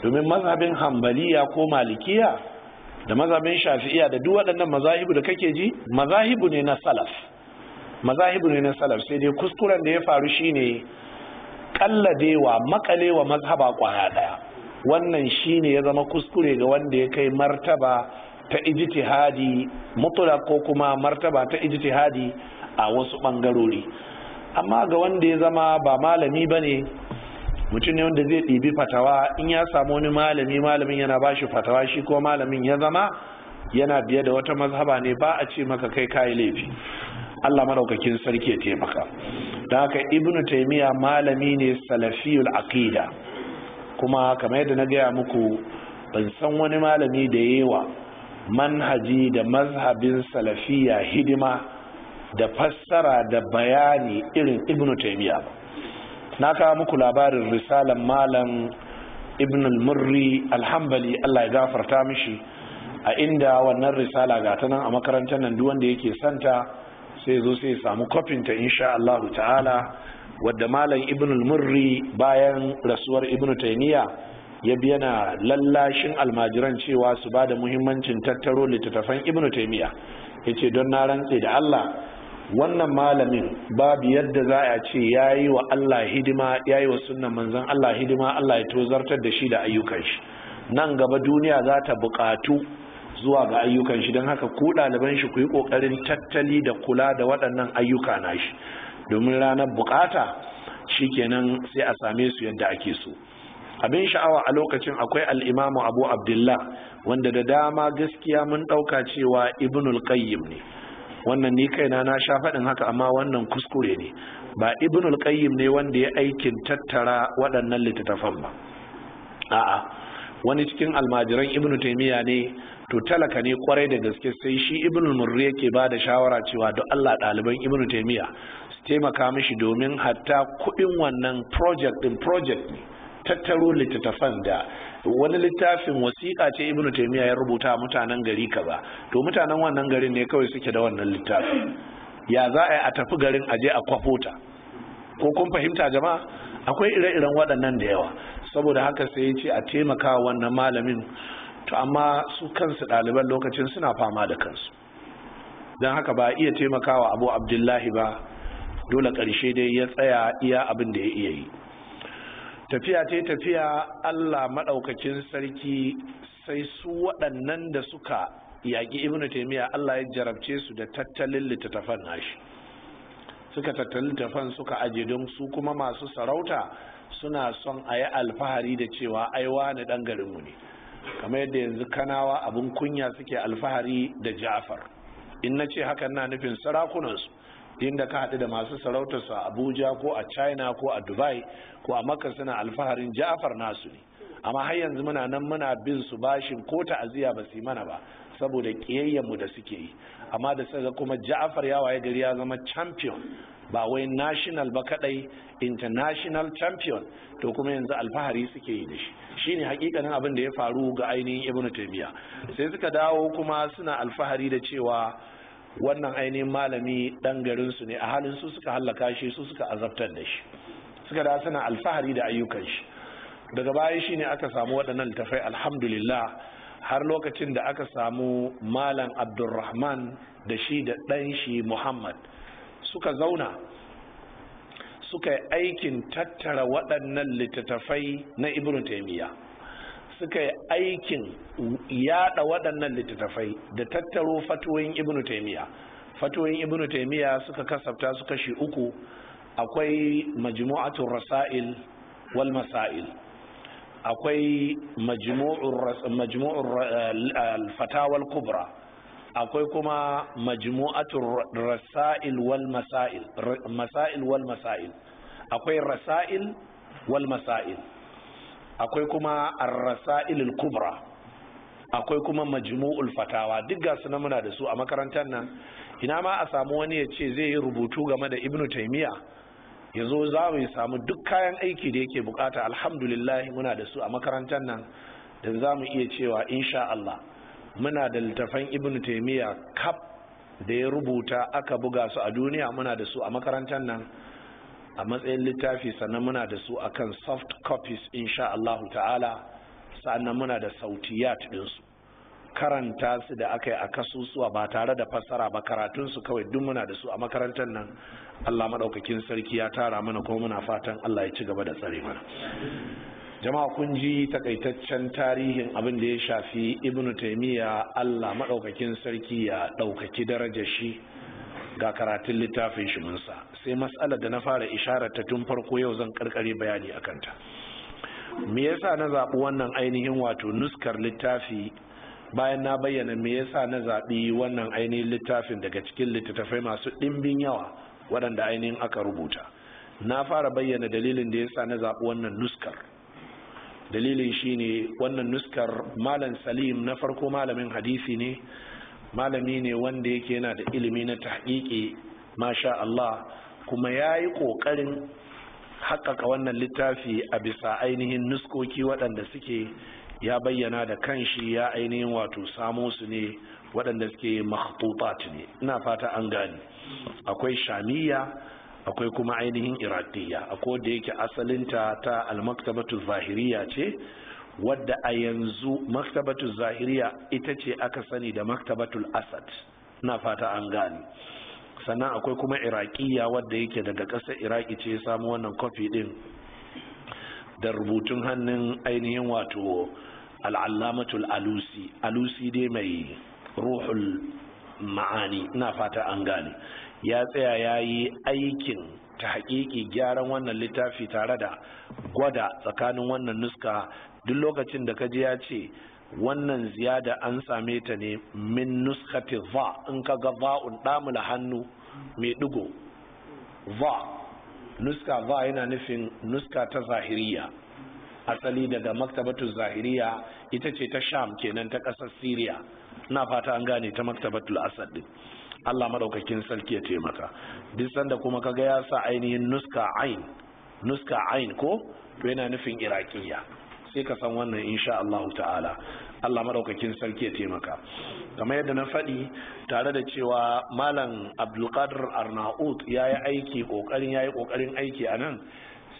domin mazhabin hambaliya ko malikiya da mazhabin shafi'iya da duk waɗannan mazahibu da kake ji mazahibu ne na salaf mazahibu ne na salaf sai dai kuskuren da ya faru shine kalladewa makalewa mazhaba kwaya daya wannan shine ya zama kuskure ga wanda ya kai martaba ta ijtihadi mutlaq ko kuma martaba ta ijtihadi a wasu bangarori amma ga wanda ya zama ba malami bane mutum ne wanda zai ɗibi fatawa in ya samu wani malami malamin yana bashi fatawa shi ko malamin ya zama yana biye da wata mazhaba ne ba a ce maka kai kayi laifi Allah maraukakin sarki ya taimaka da haka ibnu taimiya malami ne salafiyul aqida kuma kamar yadda na gaya muku ban san wani malami da yawa manhaji da mazhabin salafiya hidima da fassara da bayani irin ibnu taimiya. ba na kawo muku labarin risalan malam ibn murri alhambali Allah ya gafarta mishi a inda wannan risala ga ta nan a makarantar nan duk wanda yake santa sai zo sai samu kofin ta insha Allah ta'ala wadda malam ibn al-murri bayan rasuwar ibn taymiya ya bi yana lallashin almajiran cewa su ba da muhimmancin tattaro littattafan ibn taymiya ce don na rantse da Allah wannan malamin babu yadda za a ce yi wa Allah hidima ya yi wa sunnan manzan Allah hidima Allah ya tozartar da shi da ayyukan shi nan gaba duniya za ta buƙatu zuwa ga ayyukan shi don haka ku ɗaliban shi ku yi ƙoƙarin tattali da kula da waɗannan ayyuka na shi domin ranar bukata kenan sai a same su yadda ake so abin sha'awa a lokacin akwai al'imamu abu abdullah wanda da dama gaskiya mun ɗauka cewa ibnul qayyim ne wannan ni kaina na sha faɗin haka amma wannan kuskure ne ba ibnul qayyim ne wanda ya aikin tattara waɗannan littattafan ba a'a wani cikin almajiran ibnu taimiyya ne to talaka ne kwarai da gaske sai shi ibn murri yake ba da shawara cewa don allah ɗaliban ibn taimiyya su taimaka mishi domin hatta kuɗin wannan project din project ne tattaro littattafan da wani littafin wasiƙa ce ibn taimiyya ya rubuta mutanen gari ka ba, to mutanen wannan garin ne kawai suke da wannan littafin ya za a yi a tafi garin a je a kwafota ko kun fahimta jama'a akwai ire-iren waɗannan da yawa saboda haka sai ya ce a taimaka wannan malamin to amma su kansu ɗaliban lokacin suna fama da kansu don haka ba iya taimakawa abu abdullahi ba dole ƙarshe dai ya tsaya iya abin da ya iya yi tafiya ta tafiya allah maɗaukakin sarki sai su waɗannan da suka yaƙi ibnu taimiyya allah ya jarabce su da tattalin littattafan nashi suka tattalin littattafan suka aje don su kuma masu sarauta suna son a yi alfahari da cewa aiwa na ɗan garinmu ne kamar yadda yanzu kanawa abin kunya suke alfahari da ja'far in na ce hakan na nufin sarakunansu inda ka haɗu da masu sarautarsu a abuja ko a china ko a dubai ko a makar suna alfaharin ja'far nasu ne amma har yanzu muna nan muna bin su bashin ko ta'aziyya ba su mana ba saboda ƙiyayyenmu da suke yi amma da saka kuma ja'afar ya waye gari ya zama champion ba wai national ba kadai international champion to kuma yanzu alfahari suke yi da shi shine hakikanin abin da ya faru ga ainihin ibnu taymiya sai suka dawo kuma suna alfahari da cewa wannan ainihin malami dan garinsu ne a halin su suka hallaka shi su suka azabtar da shi suka da suna alfahari da ayyukan shi daga baya shine aka samu waɗannan tafai alhamdulillah har lokacin da aka samu malam abdulrahman da shi da ɗan shi muhammad suka zauna suka yi aikin tattara waɗannan littattafai na ibn taimiyya suka yi aikin yada waɗannan littattafai da tattaro fatoyin ibn taimiyya fatoyin ibn taimiyya suka kasafta su kashi uku akwai majmu'atul rasail wal masail akwai majmu'ur eh, fatawal kubra akwai kuma majmu'atul rasail wal masail masail wal masail akwai rasail wal masail akwai kuma ar-rasail al-kubra akwai kuma majmu'ul fatawa duk ga su muna da su a makarantar nan ina ma a samu wani ya ce zai yi rubutu game da ibnu taymiya ya zo za mu samu duk kayan aiki da yake bukata alhamdulillah muna da su a makarantar nan da za mu iya cewa insha Allah muna da littafan ibn taimiyya kaf da ya rubuta aka buga su a duniya muna da su a makarantar nan a matsayin littafi sannan muna da su a kan soft copies insha Allah ta'ala sannan muna da sautiyat ɗinsu karanta su da aka yi a kasusuwa ba tare da fassara ba karatunsu kawai duk muna da su a makarantar nan Allah maɗaukakin sarki ya tara mana kuma muna fatan Allah ya ci gaba da tsare mana jama'a kun ji takaitaccen tarihin abin da ya shafi ibnu taimiyya allah maɗaukakin sarki ya ɗaukaki darajar shi ga karatun littafin shi mun sai matsalar da na fara isharar ta tun farko yau zan karkare bayani a kanta me yasa na zaɓi wannan ainihin wato nuskar littafi bayan na bayyana me yasa na zaɓi wannan ainihin littafin daga cikin littattafai masu ɗimbin yawa waɗanda ainihin aka rubuta na fara bayyana dalilin da yasa na zaɓi wannan nuskar dalilin shi ne wannan nuskar malam salim na farko malamin hadisi ne malami ne wanda yake yana da ilimi na tahqiqi masha Allah kuma yayi kokarin haƙaƙa wannan littafi a bisa ainihin nuskoki waɗanda suke ya bayyana da kanshi ya ainihin wato samo su ne waɗanda suke makhtutat ne ina fata an gane akwai shamiya akwai kuma ainihin iraqiyya akwai da yake asalinta ta almaktabatu zahiriya ce wadda a yanzu maktabatu zahiriya ita ce aka sani da maktabatul asad na fata an gani sannan akwai kuma iraqiyya wadda yake daga ƙasar iraki ce samu wannan kofi din da rubutun hannun ainihin wato al'allamatul alusi alusi dai mai ruhul ma'ani na fata an gane ya tsaya ya yi aikin ta hakiki gyaran wannan littafi tare da gwada tsakanin wannan nuska duk lokacin da kaji ya ce wannan ziyada an same ta ne min nuskati va in ka ga va'un damula hannu mai dugo va nuska va yana nufin nuska ta zahiriya asali daga maktabatu zahiriya ita ce ta sham kenan ta ƙasar Siriya. na fata an gane ta maktabatul asad Allah madaukakin sarki ya taimaka duk sanda kuma kaga ya sa ainihin nuska ain nuska ain ko to yana nufin irakiya sai ka san wannan insha Allah ta'ala Allah madaukakin sarki ya taimaka kamar yadda na faɗi tare da cewa malam abdulkadir Arnaud ya yi aiki ƙoƙarin ya yi aiki a nan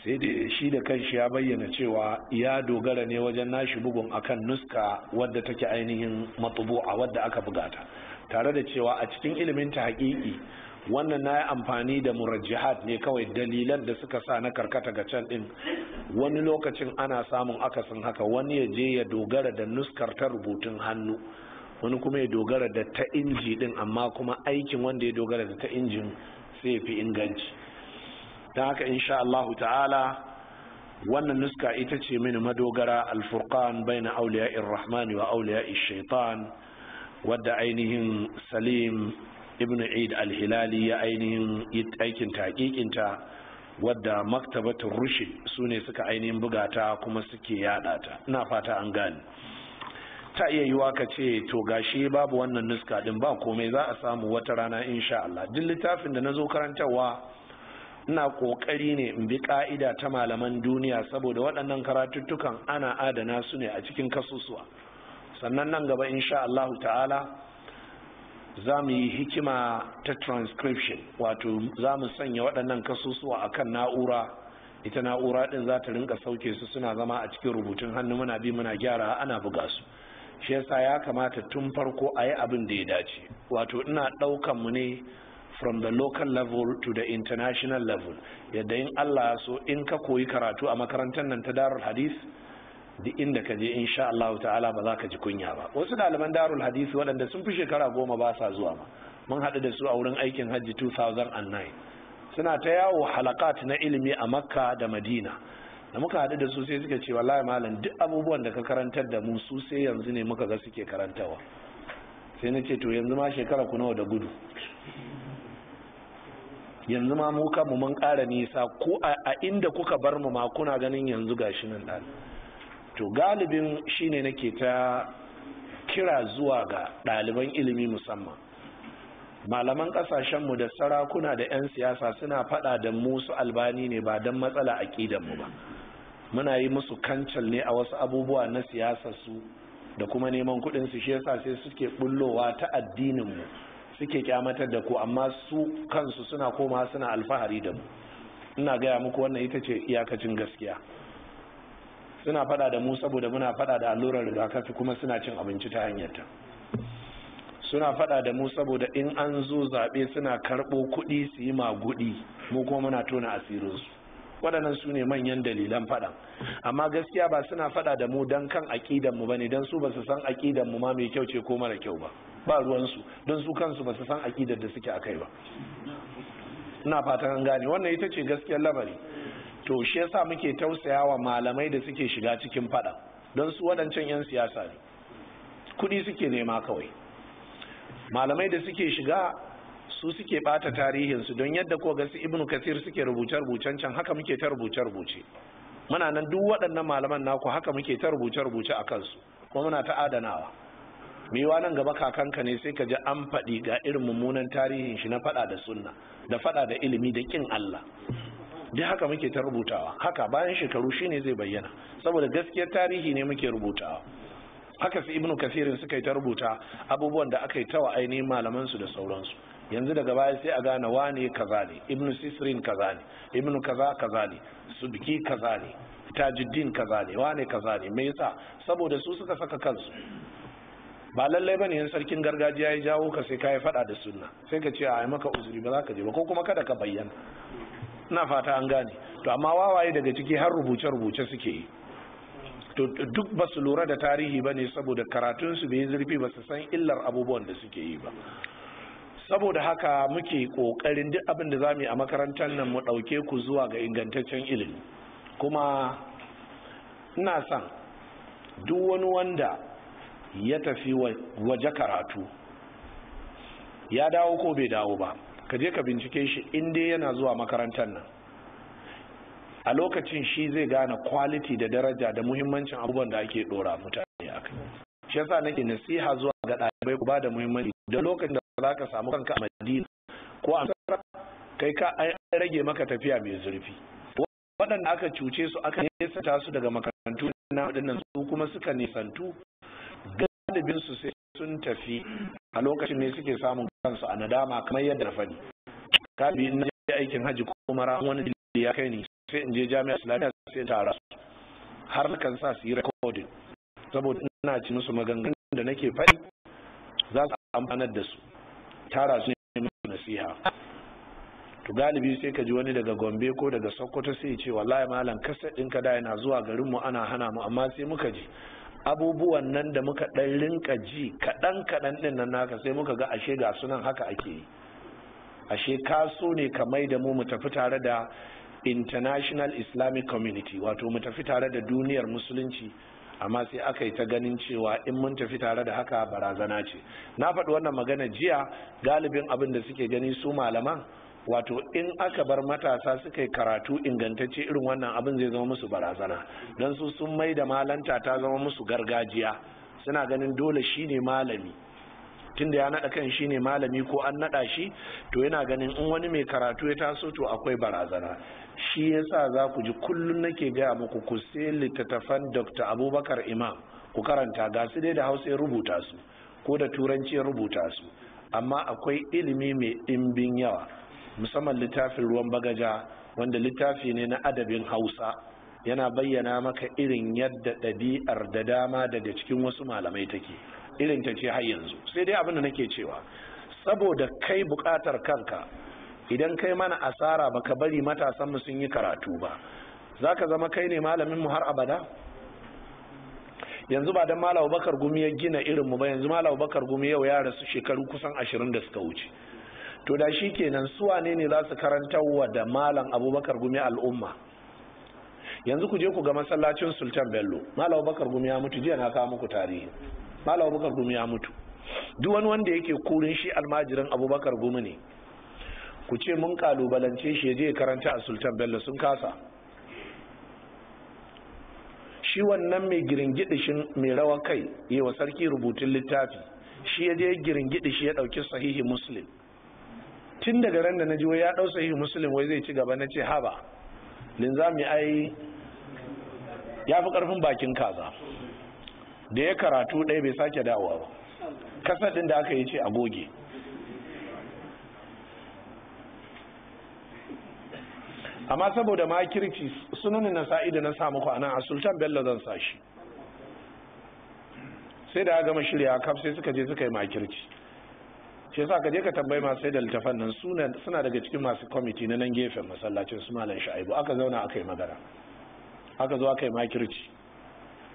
sai da shi da kanshi ya bayyana cewa ya dogara ne wajen nashi bugun akan nuska wadda take ainihin matubu'a wadda aka bugata. ta tare da cewa a cikin ilimin ta haƙiƙi wannan na yi amfani da murajjihat ne kawai dalilan da suka sa na karkata ga can ɗin. wani lokacin ana samun akasin haka wani ya je ya dogara da nuskar ta rubutun hannu wani kuma ya dogara da ta inji din amma kuma aikin wanda ya dogara da ta injin sai ya fi inganci don haka insha Allahu ta'ala wannan nuska ita ce mini madogara alfurkan bai na awliya'ir rahmani wa awliya'ish shaitan wadda ainihin salim ibn aid al-hilali ya ainihin aikin taƙiƙinta wadda maktabatar rushe su ne suka ainihin bugata kuma suke yada ta ina fata an gane ta iya yiwa ka ce to gashi babu wannan nuska din ba komai za a samu wata rana insha Allah duk littafin da na zo karantarwa ina kokari ne in bi ka'ida ta malaman duniya saboda waɗannan karatuttukan ana adana su ne a cikin kasusuwa sannan nan gaba insha Allah ta'ala za mu yi hikima ta transcription wato za mu sanya waɗannan kasusuwa a kan na'ura ita na'ura ɗin za ta rinka sauke su suna zama a cikin rubutun hannu muna bi muna gyara ana buga su shi yasa ya kamata tun farko a yi abin da ya dace wato ina ɗaukan mu ne from the local level to the international level yadda in allah so in ka koyi karatu a makarantar nan ta darar hadith duk inda ka je insha Allah ta'ala ba za ka ji kunya ba wasu daliban darul hadisi waɗanda sun fi shekara goma ba sa zuwa ma mun haɗu da su a wurin aikin hajji 2009 suna ta yawo halakat na ilimi a makka da madina da muka haɗu da su sai suka ce wallahi malam duk abubuwan da ka karantar da mu su sai yanzu ne muka ga suke karantawa sai na ce to yanzu ma shekara ku nawa da gudu yanzu ma mu kanmu mun ƙara nisa ko a inda kuka bar mu ma kuna ganin yanzu gashi nan ɗan to galibin shine nake ta kira zuwa ga ɗaliban ilimi musamman malaman ƙasashenmu da sarakuna da 'yan siyasa suna faɗa da musu albani ne ba don matsala a mu ba muna yi musu kancal ne a wasu abubuwa na siyasarsu da kuma neman kuɗin su shi yasa sai suke bullowa ta addininmu suke kyamatar da ku amma su kansu suna koma suna alfahari da mu ina gaya muku wannan ita ce iyakacin gaskiya suna fada da mu saboda muna fada da allurar rigakafi kuma suna cin abinci ta hanyarta suna fada da mu saboda in an zo zaɓe suna karɓo kuɗi su yi maguɗi mu kuma muna tona asirinsu waɗannan su ne manyan dalilan faɗa amma gaskiya ba suna faɗa da mu don kan aƙidan mu bane don su ba su san aƙidan mu ma mai kyau ce ko mara kyau ba ba ruwansu don su kansu ba su san aƙidar da suke akai ba ina fatan an gane wannan ita ce gaskiyar labari to shi yasa muke tausaya wa malamai da suke shiga cikin fada don su waɗancan 'yan siyasa ne kudi suke nema kawai malamai da suke shiga su suke bata tarihinsu don yadda ko ga su ibnu kasir suke rubuce-rubucen can haka muke ta rubuce-rubuce muna nan duk waɗannan malaman naku haka muke ta rubuce-rubuce a kansu kuma muna ta adanawa wa nan gaba kakanka ne sai ka ji an faɗi ga irin mummunan tarihin shi na faɗa da sunna da faɗa da ilimi da ƙin Allah duk haka muke ta rubutawa haka bayan shekaru shine zai bayyana saboda gaskiyar tarihi ne muke rubutawa haka su ibnu kasirin suka yi ta rubuta abubuwan da aka yi tawa ainihin malaman su da sauransu yanzu daga baya sai a gane wane kaza ne ibnu sisrin kaza ne ibnu kaza kaza ne subki kaza ne tajuddin kaza ne wane kaza ne me yasa saboda su suka saka kansu ba lallai bane yan sarkin gargajiya ya jawo ka sai ka yi fada da sunna sai ka ce a yi maka uzuri ba za ka je ba ko kuma kada ka bayyana na fata an gane to amma wawaye daga ciki har rubuce-rubuce suke yi to duk ba su lura da tarihi ba ne saboda karatunsu bai zurfi ba su san illar abubuwan da suke yi ba saboda haka muke ƙoƙarin duk abin da za mu yi a makarantar nan mu ɗauke ku zuwa ga ingantaccen ilimi kuma ina son duk wani wanda ya tafi waje karatu ya dawo ko bai dawo ba ka je ka bincike shi in dai yana zuwa makarantar nan a lokacin shi zai gane quality da daraja da muhimmancin abubuwan da ake dora mutane a kai shi yasa nake nasiha zuwa ga ɗalibai ku bada muhimmanci da lokacin da za ka samu kanka a madina ko a kai ka an rage maka tafiya mai zurfi waɗanda aka cuce su aka nesanta su daga makarantu na waɗannan su kuma suka nisantu? galibin su sai sun tafi a lokacin ne suke samun kansu a nadama kamar yadda fadi kabi na je aikin haji ko mara wani ya kai ni sai in je jami'a islamiyya sai in tara su har kan sa su yi recording saboda ina ci musu maganganun da nake faɗi za su amfanar da su tara su ne musu nasiha to galibi sai ka ji wani daga gombe ko daga sokoto sai ya ce wallahi malam kasa ɗinka da yana zuwa garinmu ana hana mu amma sai muka je abubuwan nan da muka ɗan rinka ji kaɗan kaɗan ɗin nan naka sai muka ga ashe ga sunan haka ake yi ashe kaso ne mai da mu mu tafi tare da international islamic community wato mu tafi tare da duniyar musulunci amma sai aka yi ta ganin cewa in mun tafi tare da haka barazana ce na faɗi wannan magana jiya galibin abin da suke gani su malaman wato in aka bar matasa suka yi karatu ingantacce irin wannan abin zai zama musu barazana don su sun mai da malanta ta zama musu gargajiya suna ganin dole shi ne malami tunda ya naɗa kan shi ne malami ko an naɗa shi to yana ganin in wani mai karatu ya taso to akwai barazana shi ya sa za ku ji kullum nake gaya muku ku sai littattafan dr abubakar imam ku karanta ga su dai da hausa ya rubuta su ko da turanci ya rubuta su amma akwai ilimi mai ɗimbin yawa musamman littafin ruwan bagaja wanda littafi ne na adabin hausa yana bayyana maka irin yadda ɗabi'ar da dama daga cikin wasu malamai take irin ta ce har yanzu sai dai abin da nake cewa saboda kai buƙatar kanka idan kai mana asara baka bari matasan mu sun yi karatu ba Za ka zama kai ne malamin mu har abada yanzu ba dan malam Bakar Gumi ya gina irin mu ba yanzu malam Bakar Gumi yau ya rasu shekaru kusan ashirin da suka wuce to da shi kenan su wane ne za su karantarwa da malam abubakar gumi al'umma yanzu ku je ku ga masallacin sultan bello malam abubakar gumi ya mutu jiya na kawo muku tarihi malam abubakar gumi ya mutu duk wani wanda yake kurin shi almajirin abubakar gumi ne ku ce mun kalubalance shi je karanta a sultan bello sun kasa shi wannan mai giringidishin mai rawa kai yi wa sarki rubutun littafi shi ya je giringidi shi ya dauki sahihi muslim tun daga ran da na ji ya ɗau sahihu muslim wai zai ci gaba na ce haba linzami ai ya fi ƙarfin bakin kaza da ya karatu ɗaya bai sake dawowa ba kasar ɗin da aka yi ce a goge amma saboda makirci sunan na Sa'idu na samu kwanan, a sultan bello zan sa shi sai da ya gama shirya kaf sai suka je suka yi makirci ce yasa ka je ka tambayi masu sai da littafan nan suna daga cikin masu kwamiti na nan gefen masallacin su malam sha'ibu aka zauna aka yi magana aka zo aka yi makirci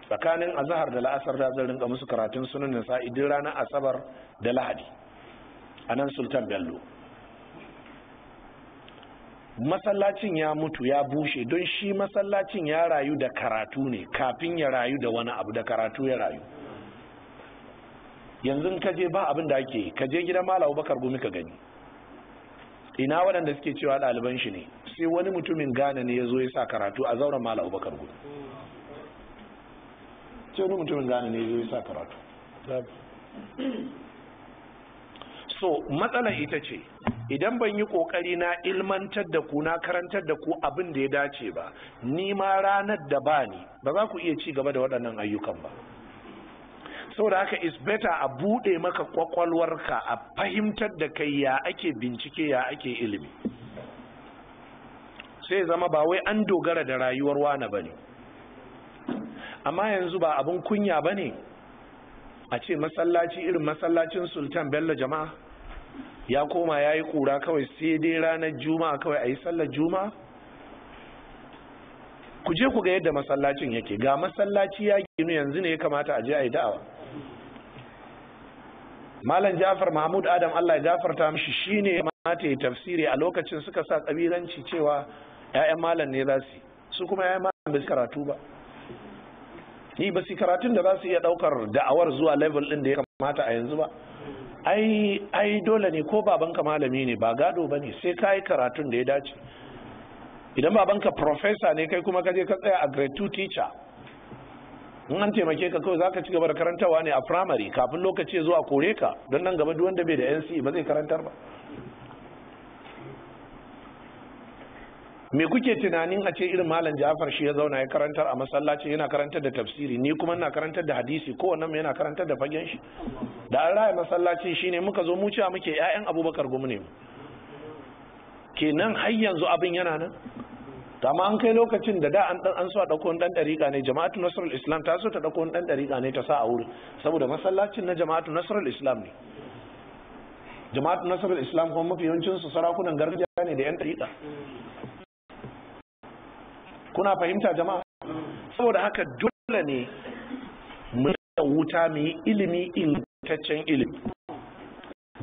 tsakanin azahar da la'asar da zan rinka musu karatun sunan nasa idin ranar asabar da lahadi a nan sultan bello masallacin ya mutu ya bushe don shi masallacin ya rayu da karatu ne kafin ya rayu da wani abu da karatu ya rayu yanzu ka je ba abin da ake ka je gidan malam Abubakar Gumi ka gani ina waɗanda suke cewa ɗaliban shi ne sai wani mutumin Ghana ne ya zo ya sa karatu a zauren malam Abubakar Gumi sai wani mutumin Ghana ne ya zo ya sa karatu so matsalar ita ce idan ban yi kokari na ilmantar da ku na karantar da ku abin da ya dace ba ni ma ranar da ba ni ba za ku iya ci gaba da waɗannan ayyukan ba saboda haka is better a buɗe maka kwakwalwarka a fahimtar da kai ya ake bincike ya ake ilimi sai zama ba wai an dogara da rayuwar wane ba ne amma yanzu ba abin kunya ba ne a ce masallaci irin masallacin sultan bello jama'a ya koma ya yi ƙura kawai sai dai ranar juma'a kawai a yi sallar juma'a ku je ku ga yadda masallacin yake ga masallaci ya ginu yanzu ne ya kamata a je a yi da'awa malam jafar mahmud adam allah ya gafarta mishi shine mata ya tafsiri a lokacin suka sa kabilanci cewa 'ya'yan malam ne za su su kuma 'ya'yan malam ba su karatu ba ni ba su karatun da za su iya ɗaukar da'awar zuwa level din da ya kamata a yanzu ba ai ai dole ne ko babanka malami ne ba gado ba ne sai ka yi karatun da ya dace idan babanka professor ne kai kuma ka je ka tsaya a grade 2 teacher in an taimake ka kawai zaka ci gaba da karantawa ne a primary kafin lokaci ya zo a kore ka don nan gaba duk wanda bai da NC e ba zai karantar ba me kuke tunanin a ce irin malam Ja'far shi ya zauna ya karantar a masallaci yana karantar da tafsiri ni kuma ina karantar da hadisi wannan yana karantar da fagen shi da an raya masallaci shine muka zo mu cewa muke 'ya'yan Abubakar gumu ne kenan har yanzu abin yana nan ta ma an kai lokacin da da an dan an so a dauko ɗan dan ne jama'atu nasrul islam ta so ta dauko wani dan ne ta sa a wuri saboda masallacin na jama'atu nasrul islam ne jama'atu nasrul islam kuma mafi yawancin su sarakunan gargajiya ne da yan dariƙa kuna fahimta jama'a saboda haka dole ne mu da wuta mu yi ilimi ingantaccen ilimi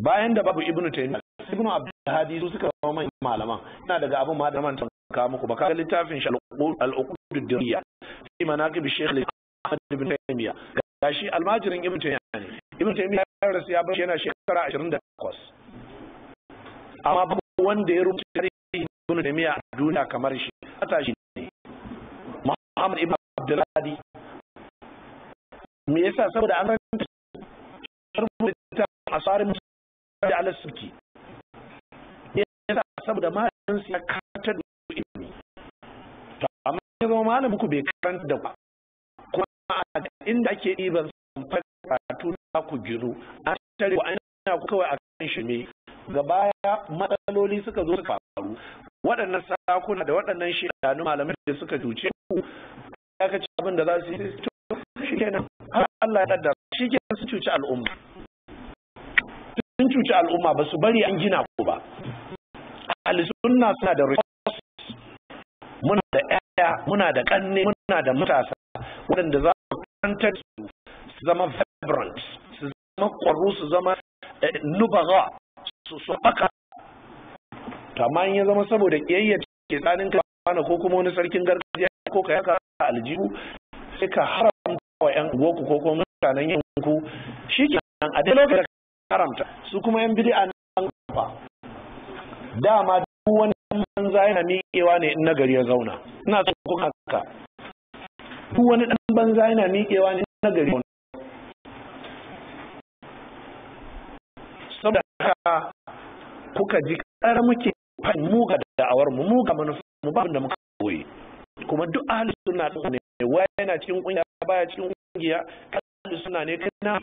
bayan da babu ibnu taymiyyah ibnu abdul hadi su suka zama malaman ina daga abin ma da manta ka muku ba ka littafin shi al-uqud diriyya fi manaqib shaykh Ahmad ibn Taymiyyah gashi almajirin ibn Taymiyyah ne ibn Taymiyyah ya rasu ya bar yana shekara 28 amma babu wanda ya rubuta tarihi ibn Taymiyyah a duniya kamar shi hata shi ne Muhammad ibn Abdulhadi me yasa saboda an ranta rubuta asarin da al-suki yasa saboda malamin ya ka zama malam ku bai karanta da ku kuma a inda ake ɗiban samfar karatu na ku giru an tare ana ku kawai a kan shi ne ga baya matsaloli suka zo suka faru waɗannan sakuna da waɗannan shidanu malamai da suka cuce ku ya ka ci abin da za su yi shi kenan har Allah ya daddara shi kenan su cuci al'umma sun cuci al'umma ba su bari an gina ku ba ahli suna da resources muna da muna da kanne muna da matasa waɗanda za a kwantar su su zama vibrant su zama kwaro su zama eh, nubaga su su baka to amma in ya zama saboda kiyayya ke tsanin ka bana ko kuma wani sarkin gargajiya ko ka yaka aljihu sai ka haramta wa yan goku ko kuma mutanen yanku nan a dai lokacin haramta su kuma yan a nan ba dama duk wani dan banza yana miƙewa ne in nagari ya zauna ina so kun haka Ku wani dan banza yana miƙewa ne in nagari ya zauna saboda ka kuka ji kar muke fahim mu ga da'awar mu mu ga manufar mu ba da muka koyi kuma duk ahli sunna din ne wai yana cikin kungiya baya cikin kungiya ahli sunna ne kana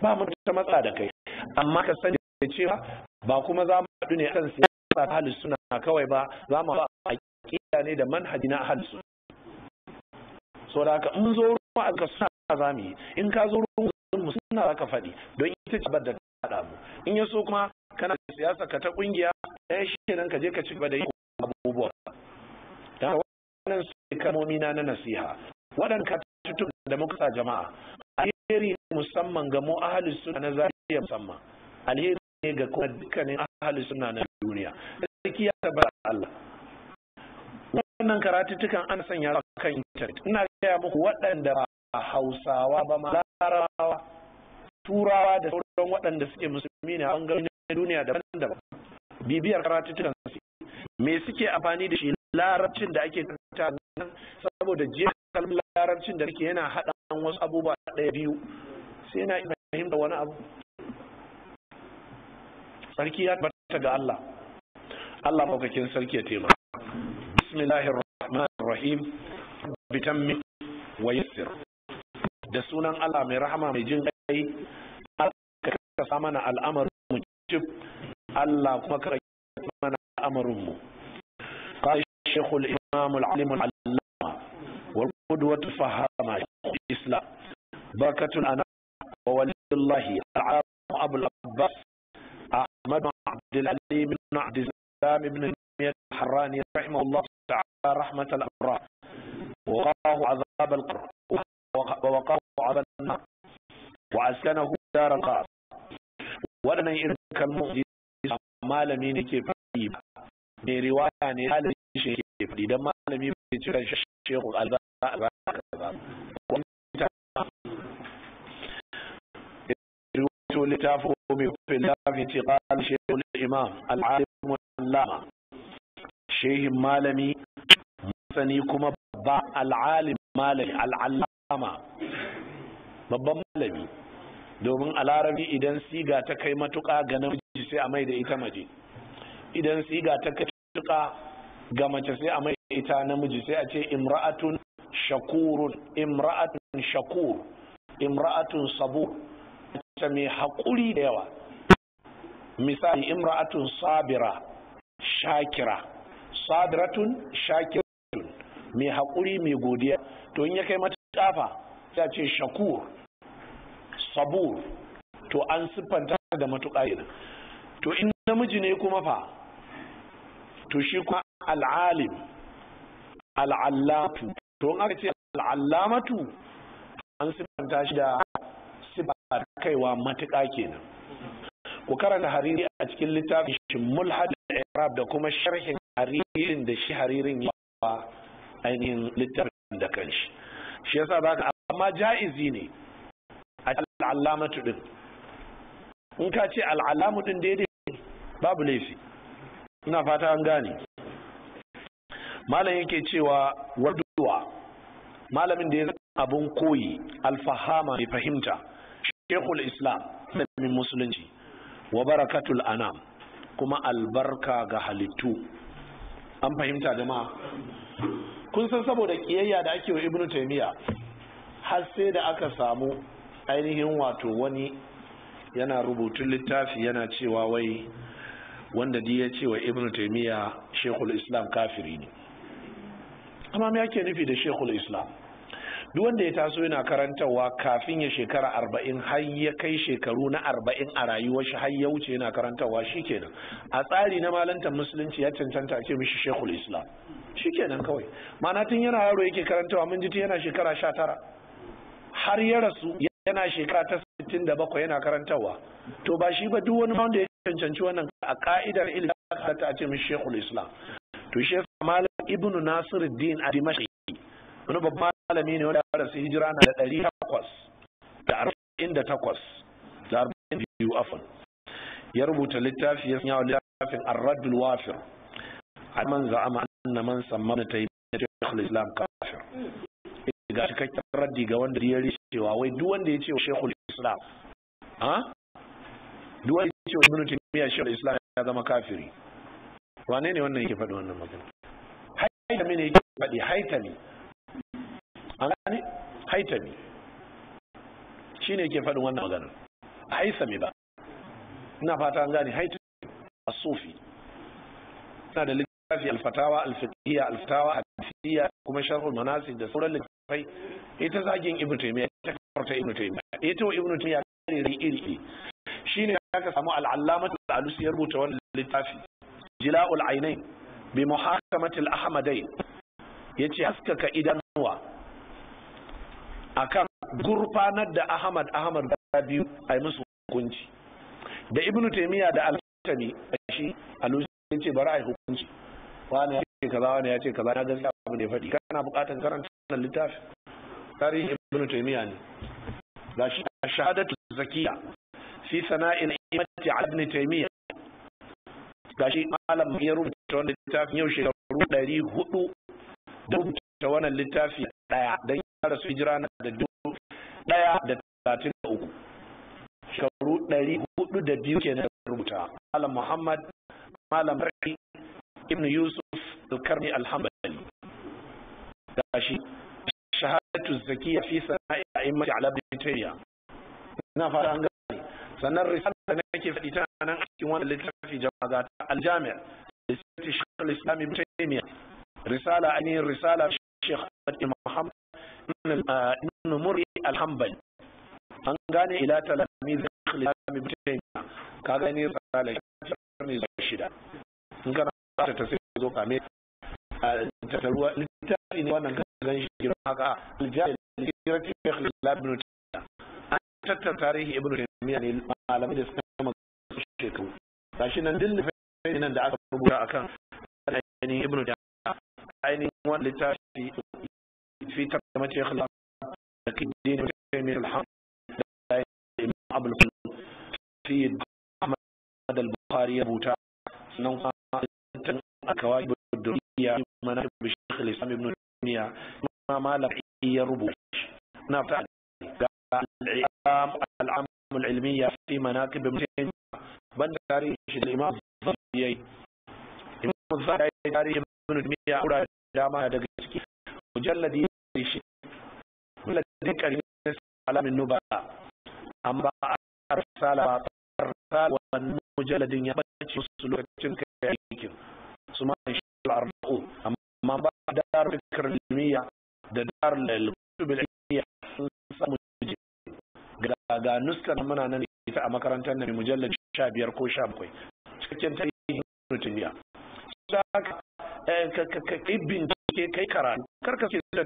ba mu ta matsa da kai amma ka sani cewa ba kuma za mu haɗu ne kan siyasa ta halittu suna. kawai ba za mu ba aƙida ne da manhaji na ahlus so da haka in zo ruwa ka suna za mu yi in ka zo ruwa mu suna za ka faɗi don ita ce da ta mu in ya so kuma kana da siyasa ka ta ƙungiya ɗaya eh, shi nan ka je ka ci da yi abubuwa da wannan su ne kalmomi na nasiha waɗanda ka tutu da muka sa jama'a alheri musamman ga mu ahali suna na zariya musamman alheri ne ga kuma dukkanin ahalus suna na duniya sarki ya tabbata Allah wannan karatuttukan an sanya su kan internet ina gaya muku waɗanda ba Hausawa ba ma Larabawa Turawa da sauran waɗanda suke musulmi ne a bangarorin duniya daban-daban bibiyar karatuttukan su me suke amfani da shi larabcin da ake karanta nan saboda je kalmar larabcin da ke yana haɗa wasu abubuwa ɗaya biyu sai na fahimta wani abu sarki ya tabbata ga Allah Allah maukakin sarki ya taimaka bismillahir rahmanir rahim bitammi wa yassir da sunan Allah mai rahama mai jin kai Allah ka sa mana al'amarin mu cip Allah kuma ka mana al'amarin mu قال الشيخ الإمام العلم العلامة والقدوة الفهامة الإسلام بركة أنا وولي الله العام أبو العباس أحمد بن عبد العلي بن عبد الإمام ابن الحراني رحمه الله تعالى رحمة الأمراء وقاه عذاب القر ووقاه عذاب النار وأسكنه دار الخاص ولن يرك المؤذي ما لم ينكف فيه من رواية عن حال الشيخ فريد ما لم ينكف الشيخ الباب رواية لتافه في انتقال شيخ الإمام العالم allama shehin malami masani kuma ba al'alim malami al'allama babban malami domin a larabci idan siga ta kai matuka ga namiji sai a mai da ita mace idan siga ta kai matuka ga mace sai a mai da ita namiji sai a ce imra'atun shakurun imra'atun shakur imra'atun sabu ta mai haƙuri da yawa misali imra'atun sabira shakira sadratun shakiratun mai haƙuri mai godiya to in ya kai matafa tafa ya ce shakur sabur to an siffanta da matuƙa yana to in namiji ne kuma fa to shi kuma al'alim al'allatu to in aka ce al'allamatu an siffanta shi da siffa kaiwa matuƙa kenan ku karanta hariri a cikin littafin mulhad arab da kuma sharhin haririn da shi haririn wa ainihin littafin da kanshi shi yasa za ka amma ja'izi ne a al'alamatu din in ka ce al'alamu din daidai babu laifi ina fata an gane malam yake cewa waduwa malamin da ya zama abin koyi alfahama mai fahimta shekul islam min musulunci wa barakatul anam kuma albarka ga halittu an fahimta jama'a kun san saboda kiyayya da ake wa ibnu taymiya har sai da aka samu ainihin wato wani yana rubutun littafi yana cewa wai wanda di ya ce wa ibnu taymiya shekul islam kafiri ne amma me ake nufi da shekul islam duk wanda ya taso yana karantarwa kafin ya shekara arba'in har ya kai shekaru na arba'in a rayuwar shi har ya wuce yana karantarwa shikenan a tsari na malantar musulunci ya cancanta ce mishi shekul islam shikenan kawai ma'ana tun yana yaro yake karantarwa mun ji yana shekara sha tara har ya rasu yana shekara ta sittin da bakwai yana karantarwa to ba shi ba duk wani wanda ya cancanci wannan a ka'idar ilmi ta ce mishi shekul islam to shi malam ibnu nasiruddin a dimashi wani babban malami ne wanda ya rasu hijira na da ɗari takwas da arba'in da takwas da arba'in da biyu afon ya rubuta littafi ya sanya wa littafin arradul wafir a man za'ama anna man sammana ta yi da na shekul islam kafir ga cikakken raddi ga wanda ya cewa wai duk wanda ya ce wa shekul islam ha duk wanda ya ce wa ibnu taymiya shekul islam ya zama kafiri wane ne wannan ke faɗi wannan magana haitami ne ya yake faɗi haitami an gane haitami shi ne ke faɗin wannan maganar a haisami ba ina fata an gane haitami a sufi na da littafi alfatawa alfatiya alfatawa tafiya kuma sharhul manasi da sauran littafai ita zagin ibnu taymiya ita karta ibnu taymiya ita wa kare taymiya iri iri shine aka samu al'allamatu da alusi ya rubuta wannan littafi jila'ul ainihin bi muhakamatul al ya ce haskaka idanuwa akan gurfanar da Ahmad Ahmad guda biyu a musu hukunci da Ibn Taymiyyah da Al-Hakami shi lokacin ce bari a yi hukunci wani ya ce kaza wani ya ce kaza na gaskiya abu da ya faɗi kana buƙatar karanta wannan littafi Tarihi Ibn Taymiyyah ne shi gashi shahadatu zakiya fi sana'in imati ibn Ga shi malam ya rubuta wannan littafin yau shekaru 400 da rubuta wannan littafi daya dan rasu hijira na da dubu ɗaya da talatin da uku shekaru ɗari hudu da biyu ke da rubuta malam muhammad malam barki ibn yusuf alkarni alhambali shi shahadatu zakiya fi sana'i a imma ala britania na fara an gane sannan risala da nake faɗi ta nan cikin wannan littafi jama'a ga ta aljami'a da sai shekul islami britania risala ainihin risala shekh ahmad muhammad ibn murri al-hanbali an gane ila talamiz al-islam ka gane shida in ta ta sai zo kame littafi ne wannan shi girma haka an tattara tarihi ibn taymiya ne malamai da suka magana shekaru nan dillin nan da aka rubuta akan ainihin ibn taymiya ainihin wannan littafi وتي خلا لكن دين تيمية الحمد أبل في أحمد البخاري أبو تعالى نوع الكواكب الدنيا مناقب الشيخ الإسلام ابن الدنيا ما مالك هي ربوش نافع العام العام العلمية في مناكب ابن تيمية تاريخ الإمام الظهري الإمام الظهري تاريخ ابن تيمية أولا dama daga ciki min nuba amma a arsala ba wa wannan mujalladin ya bace su lokacin kai aikin su ma shi al-arba'u amma ba a dar fikr ilmiya da dar al-kutub ilmiya sun samu ga ga nuskan muna nan ita a makarantar na nan sha biyar ko sha 17 cikin tarihin mutumiya saka ka kai bincike kai karatu karka ce da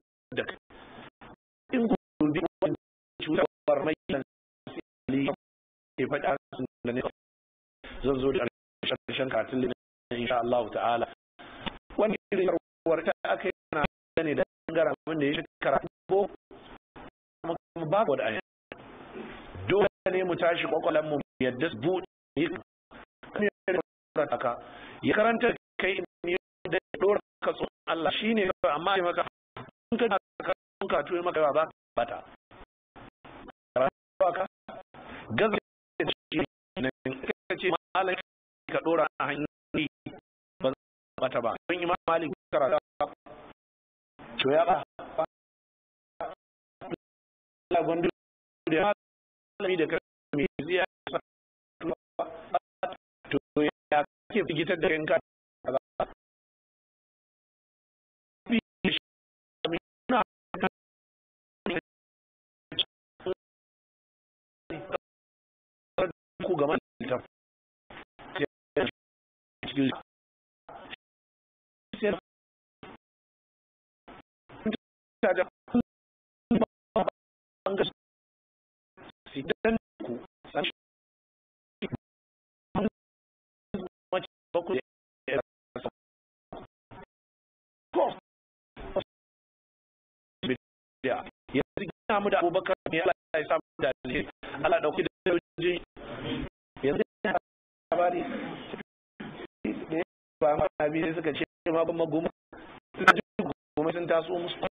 faɗi sun da ne zan zo da ƙarshen katin da insha Allah ta'ala wani irin yarwar ta aka yi na gane da gara min da ya shekara ko kuma ba ku da ayan dole ne mu tashi kwakwalan mu yadda su buɗe yi ka ya karanta kai ne da ɗora, ka tsoron Allah shi shine amma ya maka in ka ka tuye maka ba ba ta dora hanyoyi ba za bata ba don imam malik karatu to ya ba Allah gondu da malami da karami ziya to ya kake figitar da kanka ku game ta da ya mu da abubakar ne Allah ya samu da alheri da da ba ma suka ce ma sun taso musu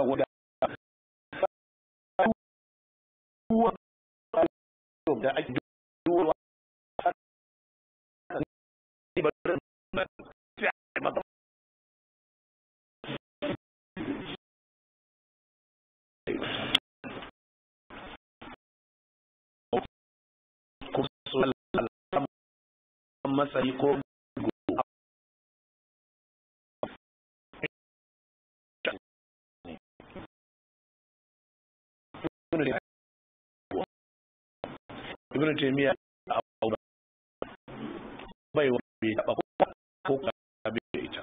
ولا هو da ake duwar masai ko ibn taymiya a aure bai wa bai ba ko ko bai ita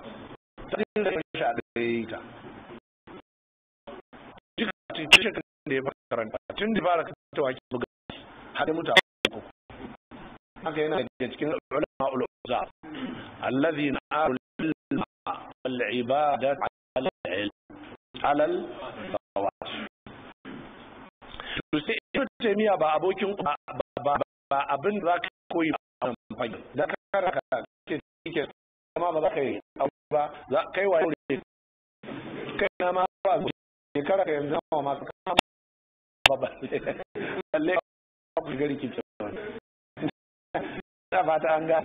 ta inda ya sha da ita duk cikin da ya fara karanta tun da fara karanta wa ke buga har mutu ko haka yana daga cikin ulama ulama alladhina alu al-ibadatu ala al-ilm to sai ibn taymiya ba abokin ba ba ba abin da zaka koyi a wannan fage da ka karaka ke ke amma ba za ka yi abu ba za kai wa ne kai na ma ba ne karaka yanzu ma ma ka ba ba lalle ku gari ki ce na fata an ga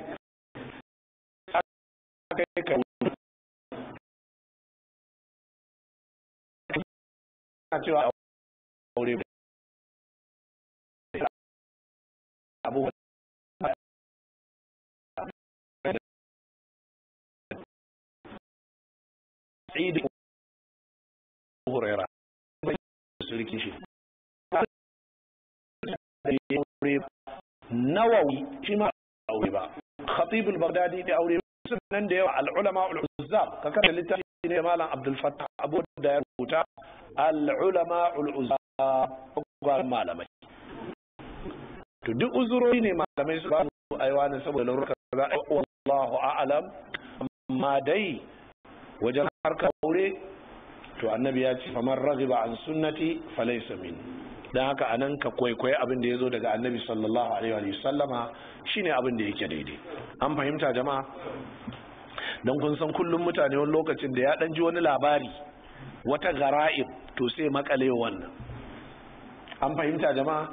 kai kai ka cewa aure ba. أبوه سعيد أبو هريرة نووي شما أوري با خطيب البغدادي دي أوري سنن دي العلماء العزاب ككرة لتاني مالا عبد الفتاح أبو داير العلماء العزاب قال مالا مي to duk uzurori ne malamai su ba su aiwa ne saboda lurka za a wallahu a'lam amma dai wajen harkar aure to annabi ya ce faman ba an sunnati falai min don haka anan ka kwaikwayi abin da ya zo daga annabi sallallahu alaihi wa sallama ne abin da yake daidai an fahimta jama'a dan kun san kullum mutane wani lokacin da ya dan ji wani labari wata gara'ib to sai makale wannan an fahimta jama'a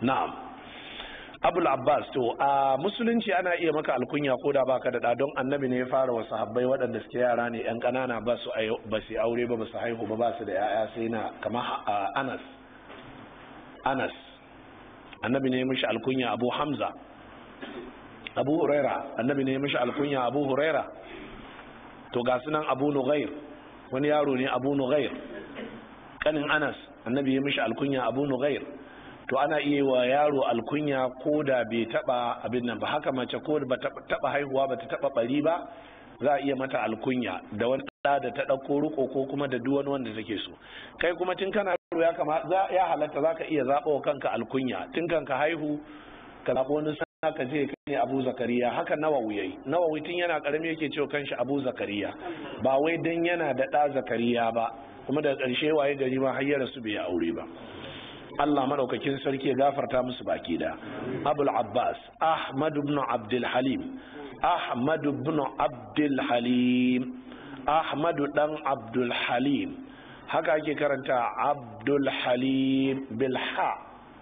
na'am abul abbas to a musulunci ana iya maka alkunya ko da baka da don annabi ne ya fara wasu habbai waɗanda suke yara ne yan ƙanana ba su aure ba ba su haihu ba ba su da yaya sai na kama anas anas annabi ne ya mishi alkunya abu hamza abu huraira annabi ne ya mishi alkunya abu huraira to ga sunan abu nugair wani yaro ne abu nugair kanin anas annabi ya mishi alkunya abu nugair to ana iya wa yaro alkunya ko da bai taba abin nan ba haka mace ko ba taba haihuwa ba ta taba bari ba za a iya mata alkunya da wani da ta ɗauko riko ko kuma da duwani wanda take so kai kuma tun kana yaro ya kama ya halatta zaka iya zaba wa kanka alkunya tun kanka haihu ka zaɓa wani sana ka je kai ne Abu Zakariya haka wuyai nawa wuyai tun yana karami yake cewa kanshi Abu Zakariya ba wai dan yana da ɗa Zakariya ba kuma da ƙarshe waye gari ma har ya rasu bai aure ba Allah madaukakin sarki ya gafarta musu baki da Abul Abbas Ahmad ibn Abdul Halim Ahmad ibn Abdul Halim Ahmad dan Abdul Halim haka ake karanta Abdul Halim bilha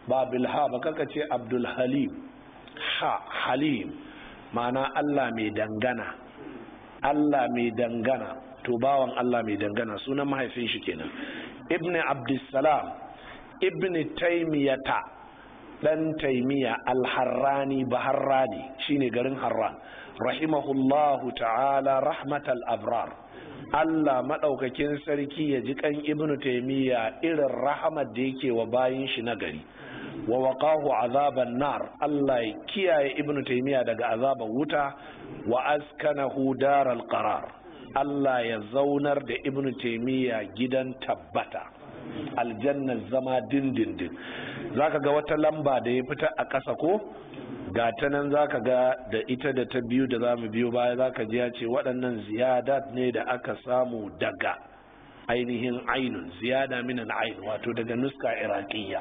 ba bilha ba kaka ce Abdul Halim ha Halim ma'ana Allah mai dangana Allah mai dangana to bawan Allah mai dangana sunan mahaifin shi kenan ibn abdussalam ibn taimiyata dan taimiya alharrani baharrani shine garin harran rahimahullahu ta'ala rahmatal abrar Allah maɗaukakin sarki ya ji kan ibn taimiyya irin rahamar da yake wa bayin shi na gari wa waqahu azaban nar Allah ya kiyaye Ibn taymiya daga azaban wuta wa askanahu daral qarar Allah ya zaunar da Ibn taymiya gidan tabbata aljannar zama dindindin za ka ga wata lamba da ya fita a ƙasa ko ga ta nan za ka ga da ita da ta biyu da za mu biyu baya za ka ji ya ce waɗannan ziyada ne da aka samu daga ainihin ainun ziyada minan ainu wato daga nuska irakiya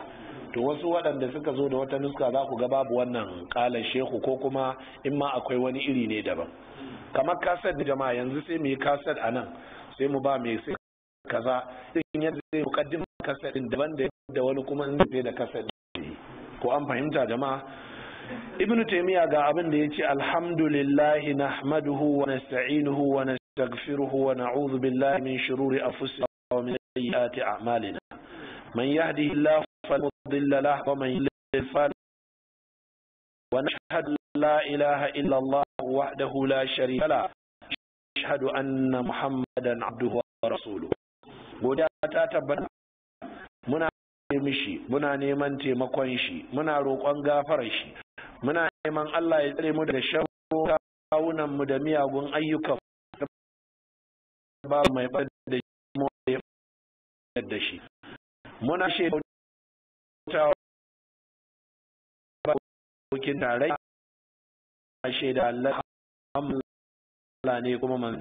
to wasu waɗanda suka zo da wata nuska za ku ga babu wannan ƙalar shehu ko kuma in ma akwai wani iri ne daban kamar kaset jama'a yanzu sai mu yi kaset a nan sai mu ba mai sai kaza in yadda zai mukaddima kasadin daban da yadda wani kuma in zai da kasadin ko an fahimta jama'a ibn taymiya ga abin da yace alhamdulillahi nahmaduhu wa nasta'inuhu wa nastaghfiruhu wa na'udhu billahi min shururi anfusina wa min sayyiati a'malina man yahdihillahu fala mudilla lahu wa man yudlil fala ونشهد لا إله إلا الله وحده لا شريك له أشهد أن محمدا عبده ورسوله godiya ta tabbata muna mishi muna neman taimakon shi muna roƙon gafarar shi muna neman Allah ya tsare mu daga sharrin kawunan mu da miyagun ayyukan ba mai ba da mu da shi muna ta ba kokin tarayya shaida Allah Allah ne kuma man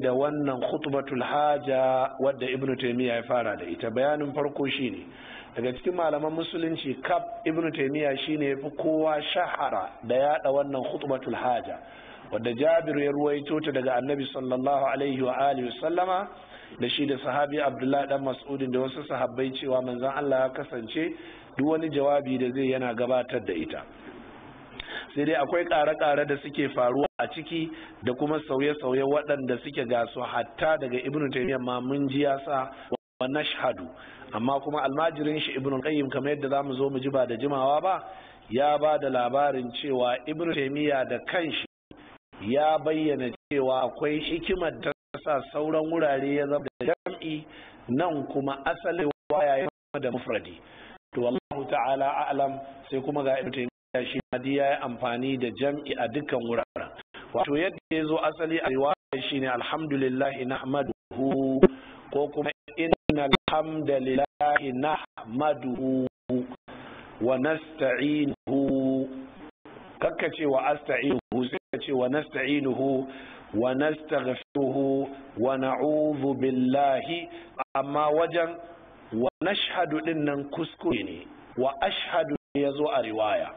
da wannan khutbatul haja wadda ibnu taymiya ya fara da ita bayanin farko shine daga cikin malaman musulunci kaf ibnu taymiya shine yafi kowa shahara da yada wannan khutbatul haja wadda jabir ya ruwaito ta daga annabi sallallahu alaihi wa alihi sallama da shi da sahabi abdullahi dan mas'udin da wasu sahabbai cewa manzon Allah ya kasance duk wani jawabi da zai yana gabatar da ita sai dai akwai ƙare kare da suke faruwa a ciki da kuma sauye-sauye waɗanda suke gasu hatta daga ibn taymiyyah ma mun ji ya sa wa nashhadu amma kuma almajirin shi ibn qayyim kamar yadda zamu zo mu ji ba da jimawa ba ya ba da labarin cewa ibn taymiyyah da kanshi ya bayyana cewa akwai hikimar da sa sauran wurare ya zama da jam'i nan kuma asalin waya ya da mufradi to wallahu ta'ala a'lam sai kuma ga ibnu ya shi madi ya yi amfani da jam'i a dukkan wuraren wato yadda ya zo asali a riwaya shi ne alhamdulillahi nahmaduhu ko kuma inna alhamdulillahi nahmaduhu wa nasta'inuhu kakka ce wa asta'inuhu sai ka ce wa nasta'inuhu wa nastaghfiruhu wa na'udhu billahi amma wajen wa nashhadu din nan kuskure ne wa ashhadu ya zo a riwaya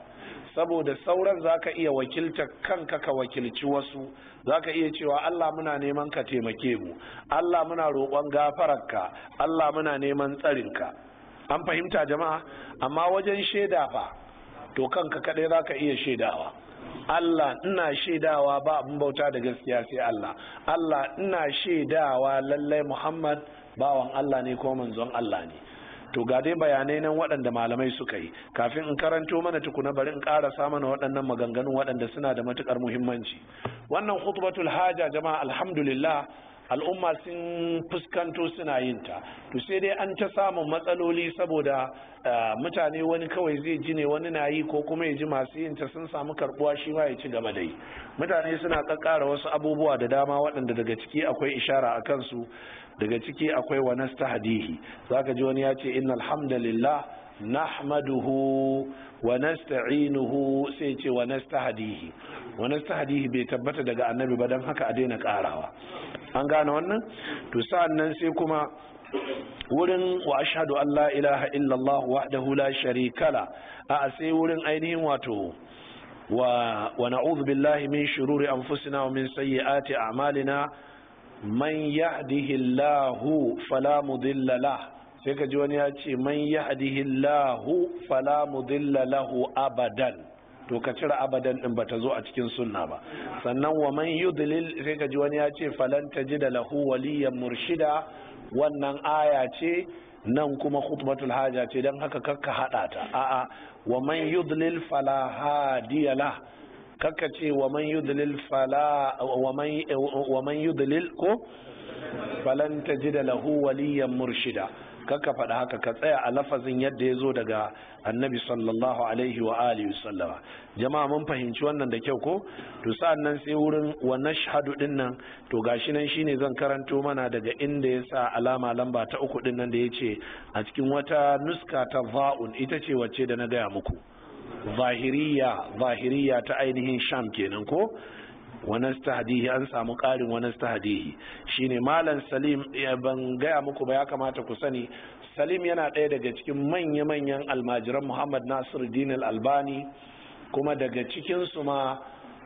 saboda sauran zaka iya wakilta kanka ka wakilci wasu zaka iya cewa Allah muna neman ka taimake mu Allah muna roƙon gafararka Allah muna neman tsarinka an fahimta jama'a amma wajen shaida fa to kanka kadai zaka iya shaidawa Allah ina shaidawa ba abin bauta da gaskiya sai Allah Allah ina shaidawa lallai Muhammad bawan Allah ne ko manzon Allah ne to ga dai bayanai nan waɗanda malamai suka yi kafin in karanto mana tukuna bari in ƙarasa mana waɗannan maganganun waɗanda suna da matuƙar muhimmanci wannan khutbatul haja jama'a alhamdulillah al'umma sun fuskanto suna yin ta to sai dai an ta samun matsaloli saboda eh, mutane wani kawai zai ji ne wani na yi ko kuma ya ji masu yin ta sun samu karbuwa shi ma ya ci gaba da yi mutane suna kakkara wasu abubuwa da dama waɗanda daga ciki akwai ishara a kansu daga ciki akwai wa za zaka ji wani ya ce innal hamdalillah nahmaduhu wa nasta'inuhu sai ce wa nastahdihi wa nastahdihi bai tabbata daga annabi ba dan haka a daina karawa an gane wannan to sa'annan sai kuma wurin wa ashhadu an la ilaha illallah wahdahu la sharika la a sai wurin ainihin wato wa na'udhu billahi min shururi anfusina wa min sayyiati a'malina man yahdihillahu fala mudilla lah sai ka ji wani ya ce man yahdihillahu fala mudilla lahu abadan to ka cire abadan din bata zo a cikin sunna ba sannan wa man yudlil sai ka ji wani ya ce falan tajida lahu waliyan murshida wannan aya ce nan kuma khutbatul haja ce dan haka kakka hada ta a'a wa man yudlil fala hadiya kakka ce wa man yi dalil ko. falanta ji ko lahu waliyan murshida kakka faɗa haka ka tsaya a lafazin yadda ya zo daga annabi sallallahu alaihi wa alihi sallama jama'a mun fahimci wannan da kyau ko to sa'an nan sai wurin wa nashhadu din nan to gashi nan shine zan karanto mana daga inda ya sa alama lamba ta uku din nan da yace a cikin wata nuska ta va'un ita ce wacce da na gaya muku zahiriya zahiriya ta ainihin sham kenan ko wani stahadihi an samu ƙarin wani stahadihi shine malam salim eh, ban gaya muku ba ya kamata ku sani salim yana ɗaya daga cikin manya-manyan almajiran muhammad nasiru dinil albani kuma daga cikinsu ma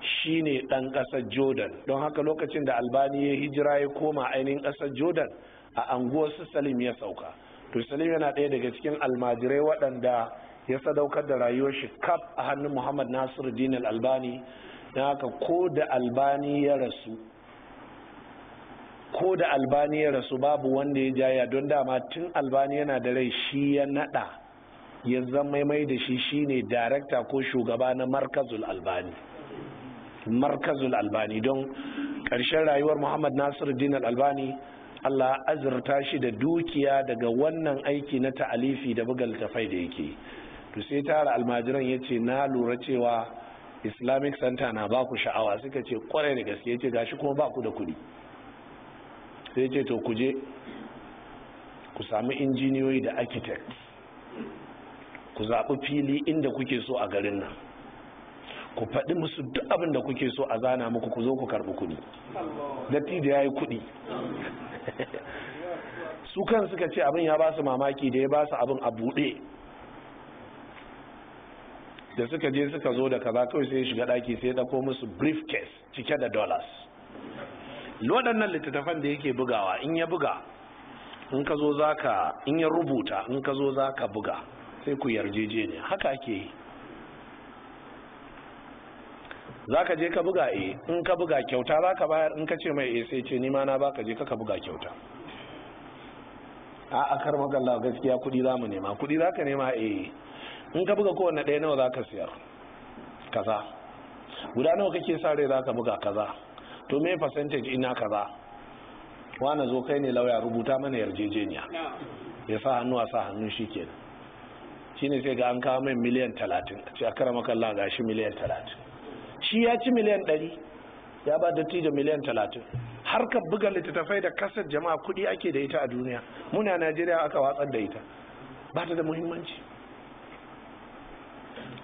shine ɗan ƙasar jordan don haka lokacin da albani ya hijira ya koma ainihin ƙasar jordan a anguwarsu salim ya sauka to salim yana ɗaya daga cikin almajirai waɗanda ya sadaukar da rayuwar shi kaf a hannun muhammad nasiru dinar albani na haka ko da albani ya rasu ko da albani ya rasu babu wanda ya jaya don dama tun albani yana da rai shi ya nada ya zama mai da shi shine darakta ko shugaba na markazul albani markazul albani don ƙarshen rayuwar muhammad nasiru dinar albani allah azurta shi da dukiya daga wannan aiki na ta'alifi da buga littafai da yake to sai tara almajiran ya ce na lura cewa islamic center na baku sha'awa suka ce kwarai da gaske ya ce gashi kuma baku da kuɗi sai ce to kuje ku sami injiniyoyi da architect ku zaɓi fili inda kuke so a garin nan ku faɗi musu duk abin da kuke so a zana muku ku zo ku karɓi kuɗi datti da ya yi kuɗi su kan suka ce abin ya ba su mamaki da ya ba su abin a buɗe da suka je suka zo da kaza kawai sai shiga daki sai ko musu briefcase cike da dollars waɗannan littattafan da yake bugawa in ya buga in ka zo zaka in ya rubuta in ka zo zaka buga sai ku ne haka ake yi za ka je ka buga e in ka buga kyauta za ka bayar in ka ce mai e sai ce nima na ba ka je ka buga kyauta a a magalla gaskiya kudi za mu nema kudi za ka nema e in ka buga kowanne ɗaya nawa za ka siyar kaza guda nawa kake sa rai za ka buga kaza to me percentage ina kaza wani zo kai ne lauya rubuta mana yarjejeniya ya sa hannu a sa hannun shi Shi shine sai ga an kawo mai miliyan talatin a ce a kara makalla shi miliyan talatin shi ya ci miliyan ɗari ya ba da miliyan talatin har ka buga littattafai da kasar jama'a kuɗi ake da ita a duniya muna najeriya aka watsar da ita ba ta da muhimmanci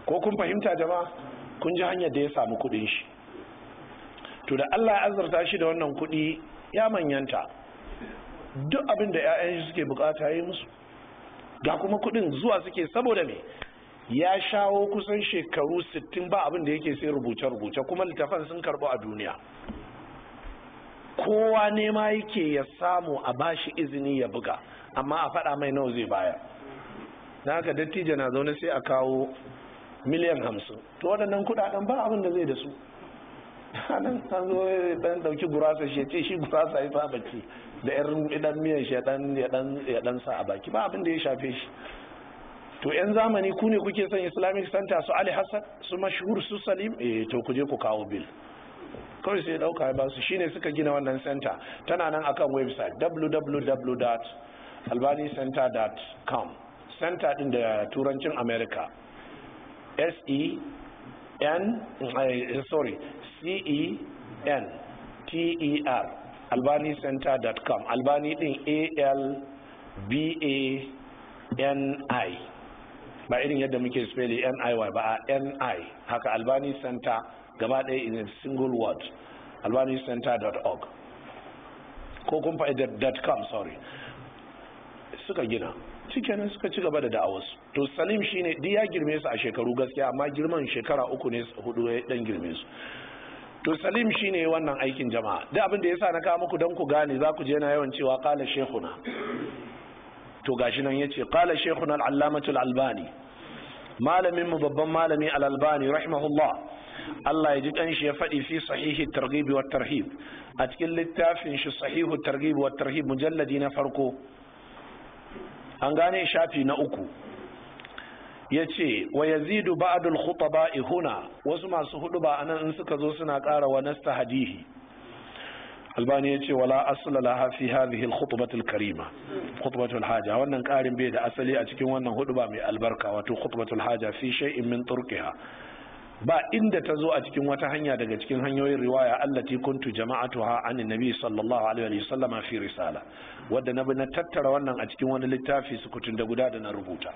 ko kun fahimta jama'a kun ji hanyar da ya samu kuɗin shi to da Allah ya azurta shi da wannan kuɗi ya manyanta duk abin da 'ya'yan shi suke bukata ya yi musu ga kuma kuɗin zuwa suke saboda me ya shawo kusan shekaru 60 ba abin da yake sai rubuce-rubuce kuma littafan sun karbo a duniya kowa ne ma yake ya samu a ba shi izini ya buga amma a faɗa mai nawa zai baya? na haka dattijo na zaune sai a kawo miliyan hamsin to waɗannan kuɗaɗen ba abin da zai da su nan an zo dan dauki gurasa shi ce shi gurasa ya fa bacci da yan idan miyan shi ya dan sa a baki ba abin ya shafe shi to yan zamani ku ne kuke son islamic center su ali hassan su mashhur su salim eh to ku je ku kawo bill kawai sai dauka ba su shine suka gina wannan center tana nan akan website www.albanicenter.com center din da turancin america s e n eh, sorry c e n t e r albanicenter.com albani din a l b a n i ba irin yadda muke spelling n i y ba a n i haka albani center gaba ɗaya in a single word albanicenter.org ko kun fa'idar.com sorry suka gina shikenan suka ci gaba da da'awarsu to salim shine duk ya girme su a shekaru gaskiya amma girman shekara uku ne hudu ya dan girme su to salim shine wannan aikin jama'a duk abin da yasa na kawo muku dan ku gane za ku je na yawan cewa qala shaykhuna to gashi nan yace ce shaykhuna al-allamatu albani malamin mu babban malami al'albani rahimahullah Allah ya ji dan shi ya faɗi fi sahihi targhib wa tarhib a cikin littafin shi sahihu targhib wa tarhib mujalladi na farko an gane shafi na uku ya ce wa yazidu ba'adul khutaba ihuna wasu masu hudu ba anan in suka zo suna ƙara wa nasta hadihi albani ya ce wala asula laha fi hadhihi al karima khutbatul haja wannan ƙarin bai da asali a cikin wannan hudu ba mai albarka wato khutbatul haja fi shay'in min turqiha ba inda ta zo a cikin wata hanya daga cikin hanyoyin riwaya allati kuntu jama'atuha an nabi sallallahu alaihi wa sallama fi risala wadda na bi na tattara wannan a cikin wani littafi sukutun da guda da na rubuta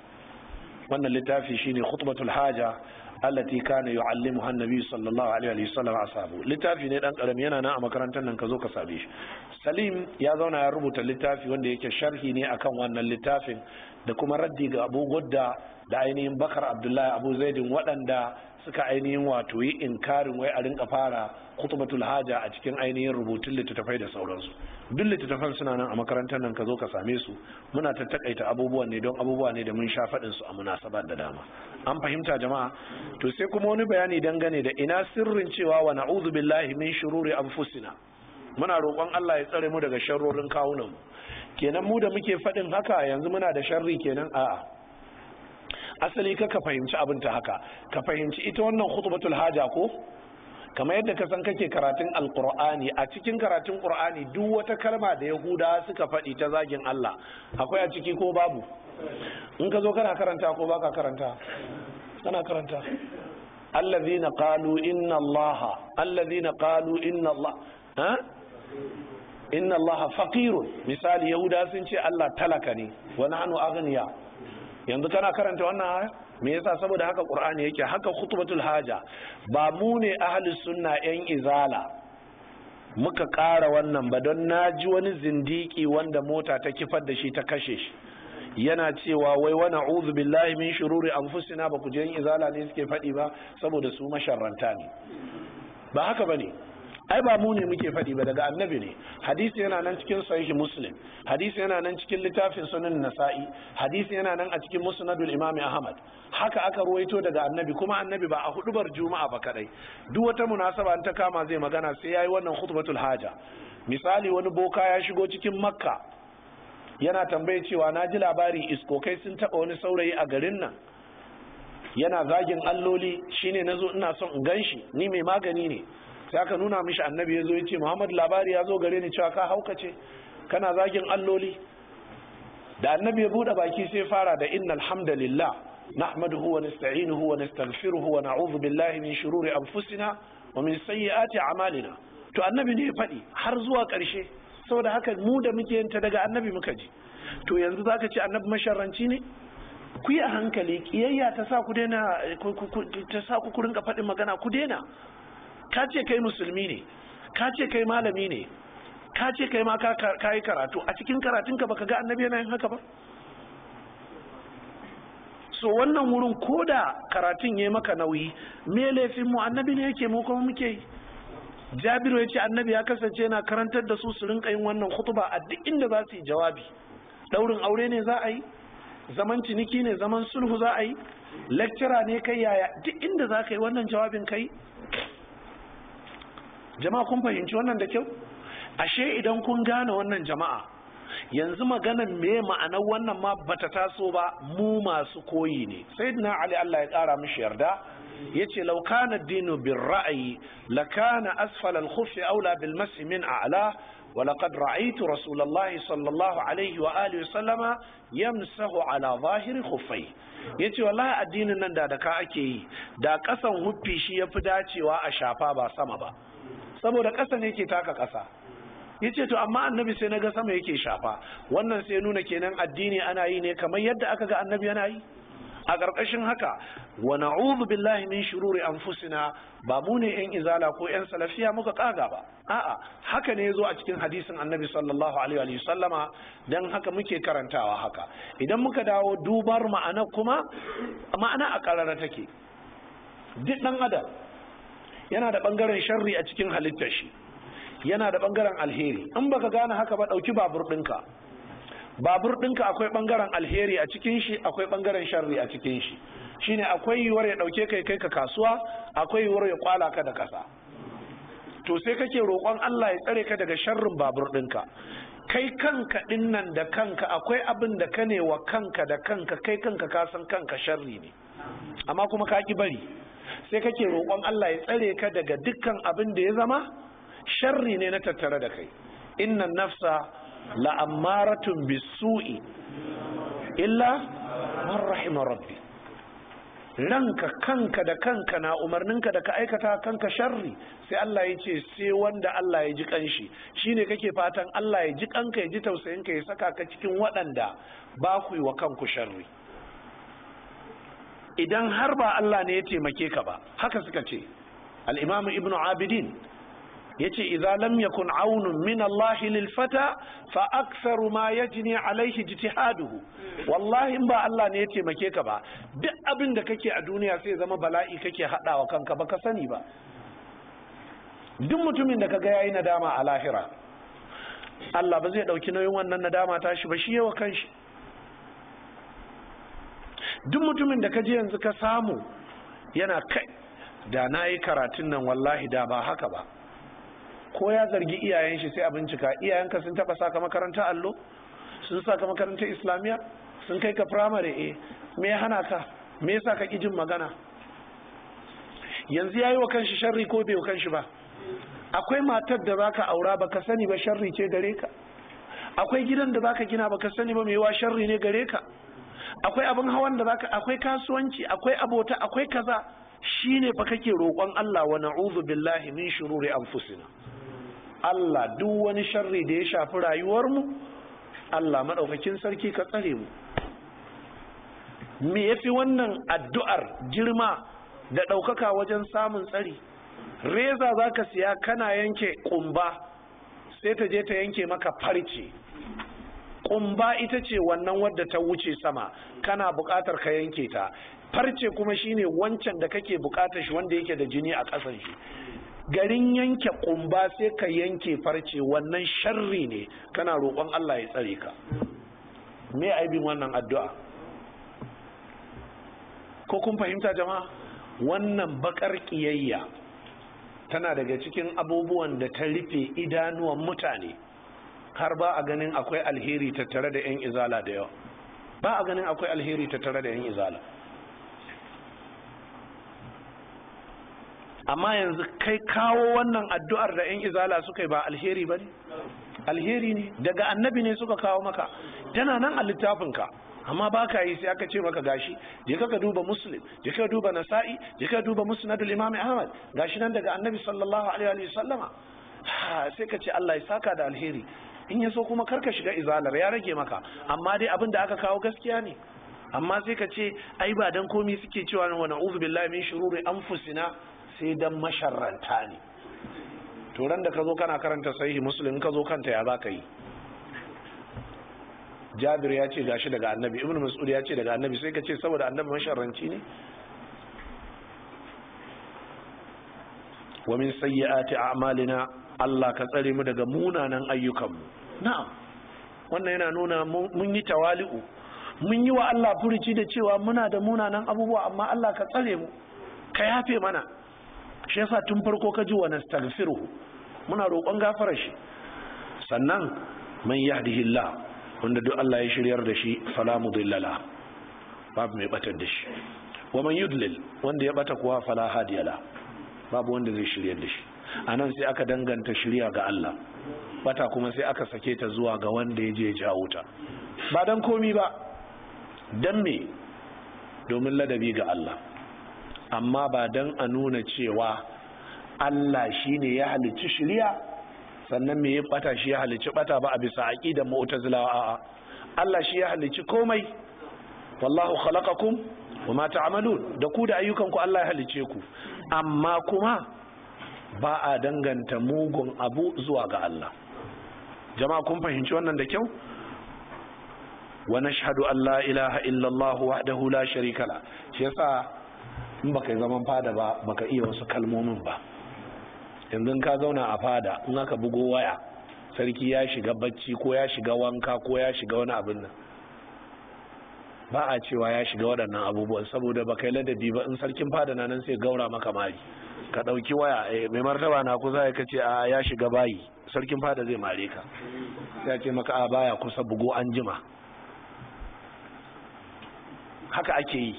wannan littafi shine khutbatul haja allati kana yu'allimuha an-nabi sallallahu alaihi wa sallam ashabu littafi ne dan karami yana nan a makarantar nan ka zo ka sabe shi salim ya zauna ya rubuta littafi wanda yake sharhi ne akan wannan littafin da kuma raddi ga abu gudda da ainihin bakar abdullahi abu zaidin waɗanda suka ainihin wato yi inkarin wai a rinka fara kutubatul haja a cikin ainihin rubutun littattafai da sauransu duk littattafan suna nan a makarantar nan ka zo ka same su muna ta takaita abubuwan ne don abubuwa ne da mun sha faɗin su a munasabar da dama an fahimta jama'a to sai kuma wani bayani dangane da ina sirrin cewa wa na'udhu billahi min shururi anfusina muna roƙon Allah ya tsare mu daga sharrorin kawunan mu kenan mu da muke faɗin haka yanzu muna da sharri kenan a'a asali ka ka fahimci abin ta haka ka fahimci ita wannan khutbatul haja ko kamar yadda ka san kake karatun alkur'ani a cikin karatun qur'ani duk wata kalma da yahuda suka faɗi ta zagin Allah akwai a ciki ko babu in ka zo kana karanta ko baka karanta kana karanta allazina qalu inna allaha allazina qalu inna allah ha inna allaha faqirun misali yahuda sun ce Allah talaka ne wa nahnu aghniya yanzu kana karanta wannan aya me yasa saboda haka qur'ani yake haka khutbatul haja ba mu ne ahli sunna yan izala muka ƙara wannan ba don na ji wani zindiki wanda mota ta kifar da shi ta kashe shi yana cewa wai wani uzu billahi min shururi anfusina ba ku je yan izala ne suke faɗi ba saboda su masharranta ne ba haka ba ne ai ba mu ne muke faɗi ba daga annabi ne hadisi yana nan cikin sahihi muslim hadisi yana nan cikin littafin sunan nasa'i hadisi yana nan a cikin musnadul imami ahmad haka aka ruwaito daga annabi kuma annabi ba a hudubar juma'a ba kadai duk wata munasaba an ta kama zai magana sai yayi wannan khutbatul haja misali wani boka ya shigo cikin makka yana tambaye cewa na ji labari kai sun taba wani saurayi a garin nan yana zagin alloli shine nazo ina son in ganshi ni mai magani ne sai aka nuna mishi annabi ya zo ya ce muhammad labari ya zo gare ni cewa ka haukace kana zagin alloli da annabi ya bude baki sai fara da inna alhamdulillah nahmaduhu wa nasta'inuhu wa nastaghfiruhu wa na'udhu billahi min shururi anfusina wa min sayyiati a'malina to annabi ne ya faɗi har zuwa ƙarshe saboda haka mu da muke yanta daga annabi muka ji to yanzu zaka ce annabi masharranci ne ku yi a hankali kiyayya ta sa ku daina ta sa ku rinka faɗin magana ku daina ka ce kai musulmi ne ka ce kai malami ne ka ce kai ma ka yi karatu a cikin karatunka baka ga annabi yana yin haka ba so wannan wurin ko da karatun ya yi maka nauyi me laifin mu annabi ne yake mu kuma muke jabiru ya ce annabi ya kasance yana karantar da su su rinka yin wannan hutuba a duk inda za su yi jawabi daurin aure ne za a yi zaman ciniki ne zaman sulhu za a yi lecturer ne kai yaya duk inda za ka yi wannan jawabin kai jama'a kun fahimci wannan da kyau ashe idan kun gane wannan jama'a yanzu maganan me ma'anar wannan ma bata taso ba mu masu koyi ne na ali Allah ya kara mishi yarda yace ce kana Dino bin ra'ayi lakana asfal al khuff aula bil mas'i a a'la wa laqad ra'aytu sallallahu alaihi wa alihi sallama yamsahu ala zahiri Ya yace wallahi addinin nan da da ka ake yi da kasan huffi shi ya fi dacewa a shafa ba sama ba saboda ƙasa ne ke taka ƙasa ya ce to amma annabi sai na ga sama yake shafa wannan sai nuna kenan addini ana yi ne kamar yadda aka ga annabi yana yi a ƙarƙashin haka wa na'udhu billahi min shururi anfusina ba mu ne yan izala ko yan salafiya muka kaga ba a'a haka ne yazo a cikin hadisin annabi sallallahu alaihi wa sallama dan haka muke karantawa haka idan muka dawo dubar ma'ana kuma ma'ana a karara take duk dan adam yana da bangaren sharri a cikin halittar shi yana da bangaren alheri in baka gane haka ba dauki babur ɗinka babur ɗinka akwai bangaren alheri a cikin shi akwai bangaren sharri a cikin shi shine akwai yiwuwar ya dauke kai kai ka kasuwa akwai yiwuwar ya kwala ka da kasa to sai kake roƙon Allah ya tsare ka daga sharrin babur ɗinka kai kanka dinnan da kanka akwai abin da ka ne wa kanka da kanka kai kanka ka san kanka sharri ne amma kuma ka ki bari sai kake roƙon Allah ya tsare ka daga dukkan abin da ya zama sharri ne na tattare da kai inna nafsa la'ammaratun bisu'i illa man rahima rabbi ranka kanka da kanka na umarninka da ka aikata kanka sharri sai Allah ya ce sai wanda Allah ya ji kanshi shine kake fatan Allah ya ji kanka ya ji tausayinka ya saka ka cikin waɗanda ba ku yi wa kanku sharri idan har ba Allah ne ya taimake ka ba haka suka ce al-imam ibn abidin yace idza lam yakun aunun min Allah lil fata fa aksar ma yajni alaihi ijtihaduhu wallahi ba Allah ne ya taimake ka ba duk abin da kake a duniya sai zama bala'i kake hadawa kanka baka sani ba duk mutumin da kaga yayi nadama a lahira Allah ba zai dauki nauyin wannan nadama tashi ba shi yawa kanshi duk mutumin da ka je yanzu ka samu yana kai da na yi karatun nan wallahi da ba haka ba ko ya zargi iyayen shi sai a bincika iyayenka sun taba saka makaranta allo sun saka makaranta islamiyya sun kai ka firamare eh me hana ka me yasa ka ƙi jin magana yanzu yayi wa kanshi sharri ko bai wa kanshi ba akwai matar da baka aura baka sani ba sharri ce gare ka akwai gidan da baka gina baka sani ba mai wa sharri ne gare ka akwai abin hawan da zaka akwai kasuwanci akwai abota akwai kaza shine fa kake roƙon Allah wa na'udhu billahi min shururi anfusina Allah duk wani sharri da ya shafi rayuwarmu Allah madaukakin sarki ka tsare mu me yafi wannan addu'ar girma da ɗaukaka wajen samun tsari reza zaka siya kana yanke kumba sai ta je ta yanke maka farce ƙumba ita ce wannan wadda ta wuce sama kana buƙatar ka yanke ta farce kuma shine wancan da kake buƙatar shi wanda yake da jini a ƙasan shi garin yanke ƙumba sai ka yanke farce wannan sharri ne kana roƙon Allah ya tsare ka me aibin wannan addu'a ko kun fahimta jama'a wannan bakar ƙiyayya tana daga cikin abubuwan da ta rufe idanuwan mutane har ba a ganin akwai alheri tattare da 'yan izala da yawa ba a ganin akwai alheri tattare da 'yan izala amma yanzu kai kawo wannan addu'ar da 'yan izala suka yi ba alheri ba ne alheri ne daga annabi ne suka kawo maka tana nan a littafinka amma ba ka yi sai aka ce maka gashi je ka duba muslim je ka duba nasa'i je ka duba musnadul imam ahmad gashi nan daga annabi sallallahu alaihi wa sallama sai ka ce Allah ya saka da alheri in ya so kuma karka shiga izalar ya rage maka amma dai abin da aka kawo gaskiya ne amma sai ka ce ai ba dan komi suke cewa wa na'udhu billahi min shururi anfusina sai dan masharranta ne to ran da ka zo kana karanta sahihi muslim ka zo kanta ya zaka yi Jabir ya ce gashi daga Annabi Ibn Mas'ud ya ce daga Annabi sai ka ce saboda Annabi masharranci ne wa min sayyiati a'malina Allah ka tsare mu daga munanan ayyukanmu na'am wannan yana nuna mun yi tawali'u mun yi wa Allah furuci da cewa muna da munanan abubuwa amma Allah ka tsare mu ka yafe mana shi yasa tun farko ka ji wa nastaghfiru muna roƙon gafara shi sannan man yahdihillah wanda duk Allah ya shiryar da shi fala mudillala babu mai batar da shi wa man yudlil wanda ya bata kuwa fala hadiyala babu wanda zai shiryar da shi anan sai aka danganta shirya ga Allah bata kuma sai aka sake ta zuwa ga wanda ya je jawo ta ba dan komi ba dan me domin ladabi ga Allah amma ba dan a nuna cewa Allah shine ya halicci shiriya sannan me ya bata shi ya halicci bata ba a bisa aqidar mu'tazilawa a'a Allah shi ya halicci komai wallahu khalaqakum wama ta'malun da ku da ayyukan ku Allah ya halicce ku amma kuma ba a danganta mugun abu zuwa ga Allah jama'a kun fahimci wannan da kyau wa nashhadu an la ilaha illallah wahdahu la sharika la shi yasa in baka zaman fada ba baka iya wasu kalmomin ba yanzu ka zauna a fada in aka bugo waya sarki ya shiga bacci ko ya shiga wanka ko ya shiga wani abin nan ba a cewa ya shiga waɗannan abubuwan saboda baka yi ladabi ba in sarkin fada na nan sai gaura maka mari ka ɗauki waya eh, mai martaba na kusa ka ce a ya shiga bayi sarkin fada zai mare ka ya ce maka a baya kusa bugo an jima haka ake yi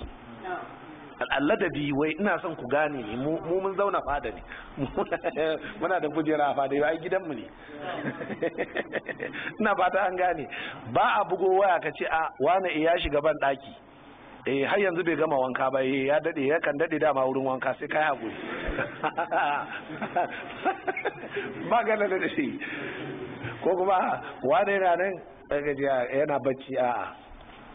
al'adadi wai ina son ku gane ne mu mun zauna fada ne muna da kujera a fada ai gidanmu ne ina fata an gane ba a bugo waya ka ce a wane eh, ya shiga ban ɗaki eh har yanzu bai gama wanka ba eh ya dade ya kan dade dama wurin wanka sai kai hakuri ba ga da shi ko kuma wani yana nan daga ah, yana bacci a'a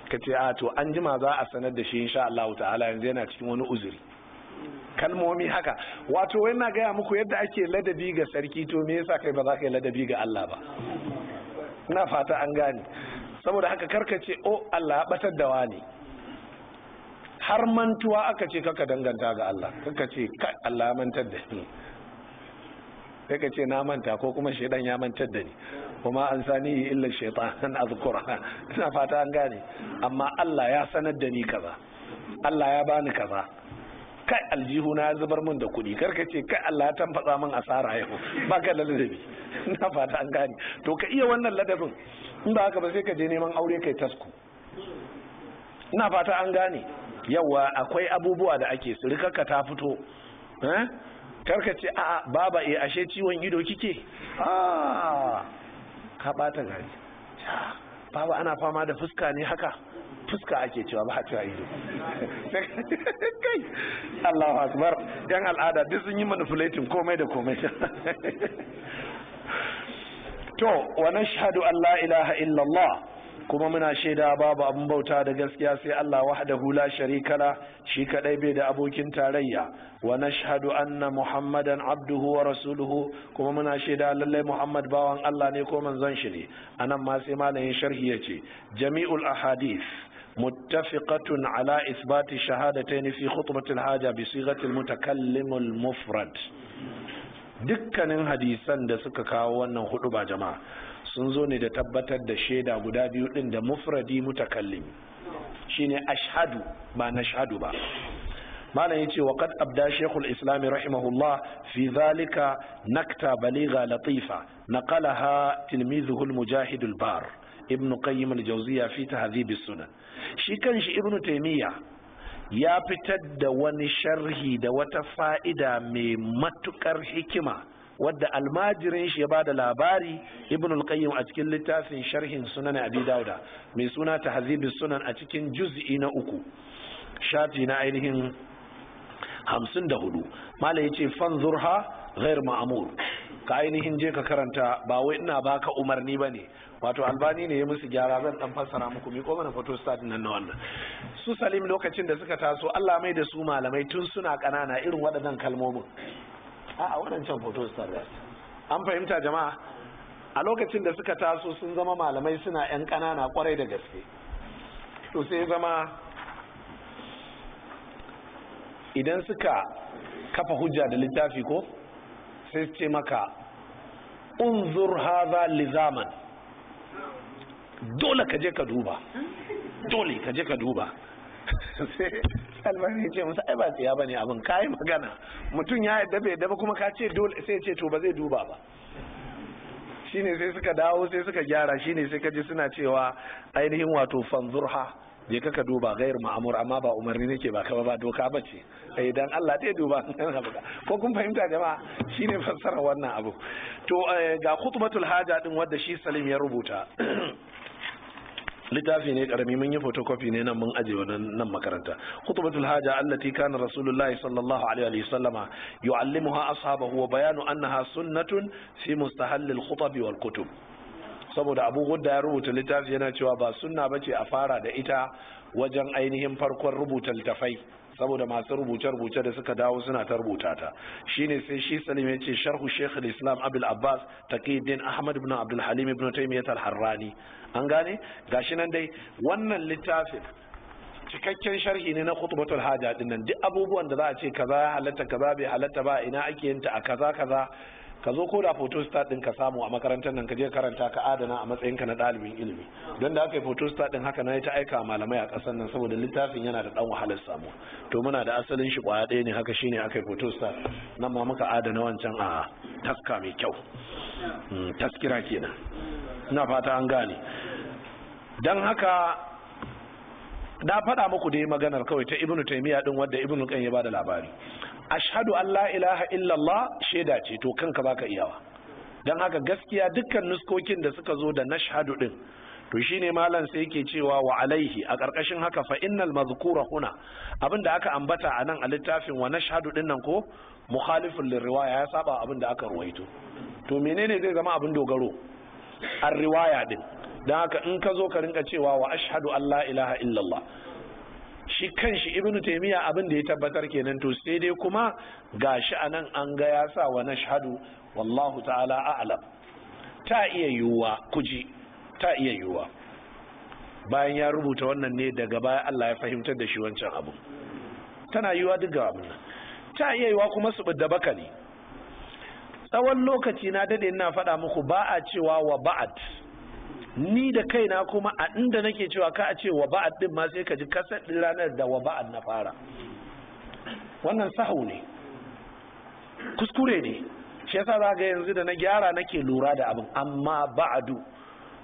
kace a ah, to an jima za a sanar da shi insha Allah ta'ala yanzu yana cikin wani uzuri kalmomi haka wato wai na gaya muku yadda ake ladabi ga sarki to me yasa kai ba za ka yi ladabi ga Allah ba ina fata an gane saboda haka karkace oh Allah ya batar da wani har mantuwa aka ce kaka danganta ga Allah kaka ce kai Allah ya mantar da ni kaka ce na manta ko kuma shaidan ya mantar da ni kuma an sani illa shaitan azkura ina fata an gane amma Allah ya sanar da ni kaza Allah ya bani kaza kai aljihu na zubar min da kuɗi karka ce kai Allah ya tamfatsa min asara yau Ba da ladabi ina fata an gane to ka iya wannan ladabin in ba haka ba sai ka je neman aure kai tasku ina fata an gane yawa akwai abubuwa da ake rikarka ta fito eh? karka ce a baba e ashe ciwon ido kike a ah! ka bata gari baba ana fama da fuska ne haka fuska ake cewa ba ta ido kai Allahu akbar yan al'ada duk sun yi manipulating komai da komai to wa nashhadu an la ilaha illallah kuma muna shaida babu abin bauta da gaskiya sai Allah wahdahu la sharika la shi kadai bai da abokin tarayya wa nashhadu anna muhammadan abduhu wa rasuluhu kuma muna shaida lalle muhammad bawan Allah ne ko manzon shi ne anan ma sai malamin sharhi yace jami'ul ahadith متفقة على إثبات الشهادتين في haja bi بصيغة mutakallimul mufrad dukkanin hadisan da suka kawo wannan hudu ba jama'a sun zo ne da tabbatar da shaida guda biyu din da mufradi mutakallim shine ashhadu ba nashhadu ba malam yace wa qad abda shaykhul islam rahimahullah fi zalika nakta baligha latifa naqalaha tilmizuhu al-mujahid al-bar ibn qayyim al-jawziyya fi tahdhib as-sunan shi kanshi ibn taymiya ya fitar da wani sharhi da wata fa'ida mai matukar hikima wadda almajirin shi ya ba da labari ibn al-qayyim a cikin littafin sharhin sunan abi dauda mai suna tahzibi sunan a cikin juz'i na uku shafi na ainihin hamsin da hudu mala ya ce fanzurha ghair ma'amur ka ainihin je ka karanta ba wai ina baka umarni ba ne wato albani ne ya musu gyara zan dan fassara muku mi mana photo start nan na wannan su salim lokacin da suka taso Allah mai da su malamai tun suna kanana irin waɗannan kalmomin a waɗancan photo stars an fahimta jama'a a lokacin da suka taso sun zama malamai suna 'yan ƙanana kwarai da gaske to sai zama idan suka kafa hujja da littafi ko sai su ce maka unzur haza lizaman dole ka je ka duba dole ka je ka duba sai ya ce musu ai ba tsiya ba ne abin kayi magana mutum ya yadda bai dabe kuma ka ce dole sai ce to ba zai duba ba shine sai suka dawo sai suka gyara shine sai kaji suna cewa ainihin wato fanzurha je kaka duba gair ma'amur amma ba umarni nake ba kaba ba doka ba ce sai eh, dan Allah ta duba ko kun fahimta jama'a shine fassara wannan abu to eh, ga khutbatul haja din wanda shi Salim ya rubuta littafi ne karami mun yi photocopy ne nan mun aje wannan nan makaranta khutbatul haja allati kana rasulullahi sallallahu alaihi wa sallama yu'allimuha ashabahu wa bayanu annaha sunnatun fi mustahallil al khutab wal kutub saboda abu gudda ya rubuta littafi yana cewa ba sunna bace a fara da ita wajen ainihin farkon rubuta littafai saboda masu rubuce-rubuce da suka dawo suna ta rubuta ta shine sai shi salim ya ce sharhu sheikh islam abul abbas taqiyuddin ahmad ibn abdul halim ibn taymiyyah al-harrani an gane gashi nan dai wannan littafin cikakken sharhi ne na khutbatul haja din nan duk abubuwan da za a ce kaza ya halatta kaza bai halatta ba ina ake yin ta a kaza kaza ka zo ko da photostat din ka samu a makarantar nan ka je karanta ka adana a matsayin ka na ɗalibin ilimi don da aka yi photostat din haka na ta aika malamai a ƙasar nan saboda littafin yana da ɗan wahalar samu to muna da asalin shi kwaya ɗaya ne haka shine aka yi photostat nan ma muka adana wancan a taska mai kyau hmm, taskira kenan ina fata an gane don haka na faɗa muku dai maganar kawai ta ibnu taimiyya din wadda ibnu kan ya ba da labari Ashadu Allah, la ilaha illallah shaida ce to kanka baka iyawa dan haka gaskiya dukkan nuskokin da suka zo da nashhadu din to shine malam sai yake cewa wa alaihi a karkashin haka fa innal mazkura huna abinda aka ambata a nan a littafin wa nashhadu din nan ko mukhalifun lirriwaya ya saba abinda aka ruwaito to menene zai zama abin dogaro An riwaya din dan haka in ka zo ka rinka cewa wa ashadu an la ilaha illallah shi kanshi ibnu taimiyya abin da ya tabbatar kenan to sai dai kuma gashi anan an ga ya sa wa nashhadu wallahu ta'ala a'lam ta iya yiwuwa kuji ta iya yiwuwa bayan ya rubuta wannan ne daga baya Allah ya fahimtar da shi wancan abu tana yiwuwa duk ga abin ta iya yiwuwa kuma su bidda bakali tsawon lokaci na dade ina faɗa muku ba a cewa wa ba'ad ni da kaina kuma a inda nake cewa ka a ce wa ba'ad din ma sai ka ji kasar din ranar da wa ba'ad na fara wannan sahau ne kuskure ne shi yasa za ga yanzu da na gyara nake lura da abin amma ba'adu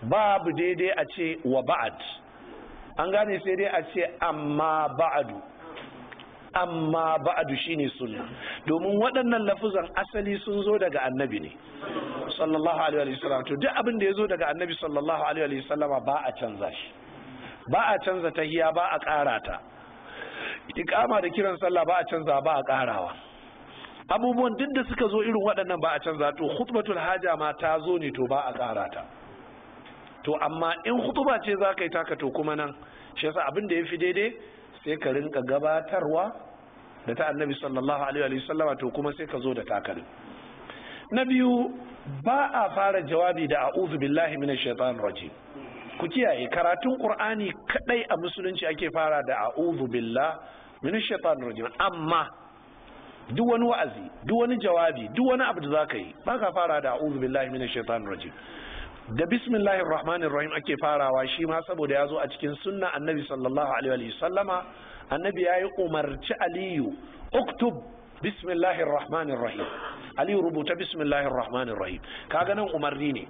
babu daidai a ce wa ba'ad an gane sai dai a ce amma ba'adu amma ba'adu shine sunna domin waɗannan lafuzan asali sun zo daga annabi ne sallallahu alaihi wa sallam to duk abin da ya zo daga annabi sallallahu alaihi wa sallama ba a canza shi ba a canza tahiya ba a ƙara ta iqama da kiran sallah ba a canza ba a ƙarawa abubuwan duk da suka zo irin waɗannan ba a canza to khutbatul haja ma ta zo ne to ba a ƙara ta to amma in khutba ce za ka yi taka to kuma nan shi yasa abin da ya fi daidai sai ka rinka gabatarwa da ta annabi sallallahu alaihi wa sallama to kuma sai ka zo da takalin na biyu ba a fara jawabi da a'udhu billahi minash shaitanir rajim ku kiyaye karatun qur'ani kadai a musulunci ake fara da a'udhu billah minash shaitanir rajim amma duk wani wa'azi duk wani jawabi duk wani abu da zaka yi ba ka fara da a'udhu billahi minash shaitanir rajim da bismillahir rahmanir rahim ake farawa shi ma saboda ya zo a cikin sunna annabi sallallahu alaihi wa sallama annabi ya yi umarci aliyu uktub bismillahir rahmanir rahim aliyu rubuta bismillahir rahmanir rahim kaga nan umarni ne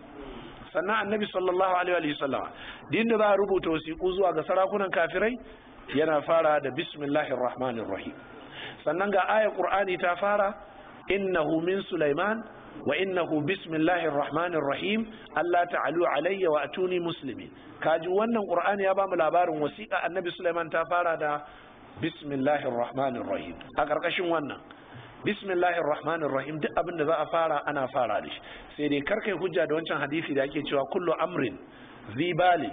sannan annabi sallallahu alaihi wa sallama din da za a rubuta wasiƙu zuwa ga sarakunan kafirai yana fara da bismillahir rahmanir rahim sannan ga ayar qur'ani ta fara innahu min sulaiman wa innahu bismillahir rahmanir rahim Allah ta'alu alayya wa atuni muslimi kaji wannan qur'ani ya bamu labarin wasiqa annabi Sulaiman ta fara da bismillahir rahmanir rahim a karkashin wannan bismillahir rahmanir rahim duk abin da za a fara ana fara da shi sai dai karkai hujja da wancan hadisi da ake cewa kullu amrin zibali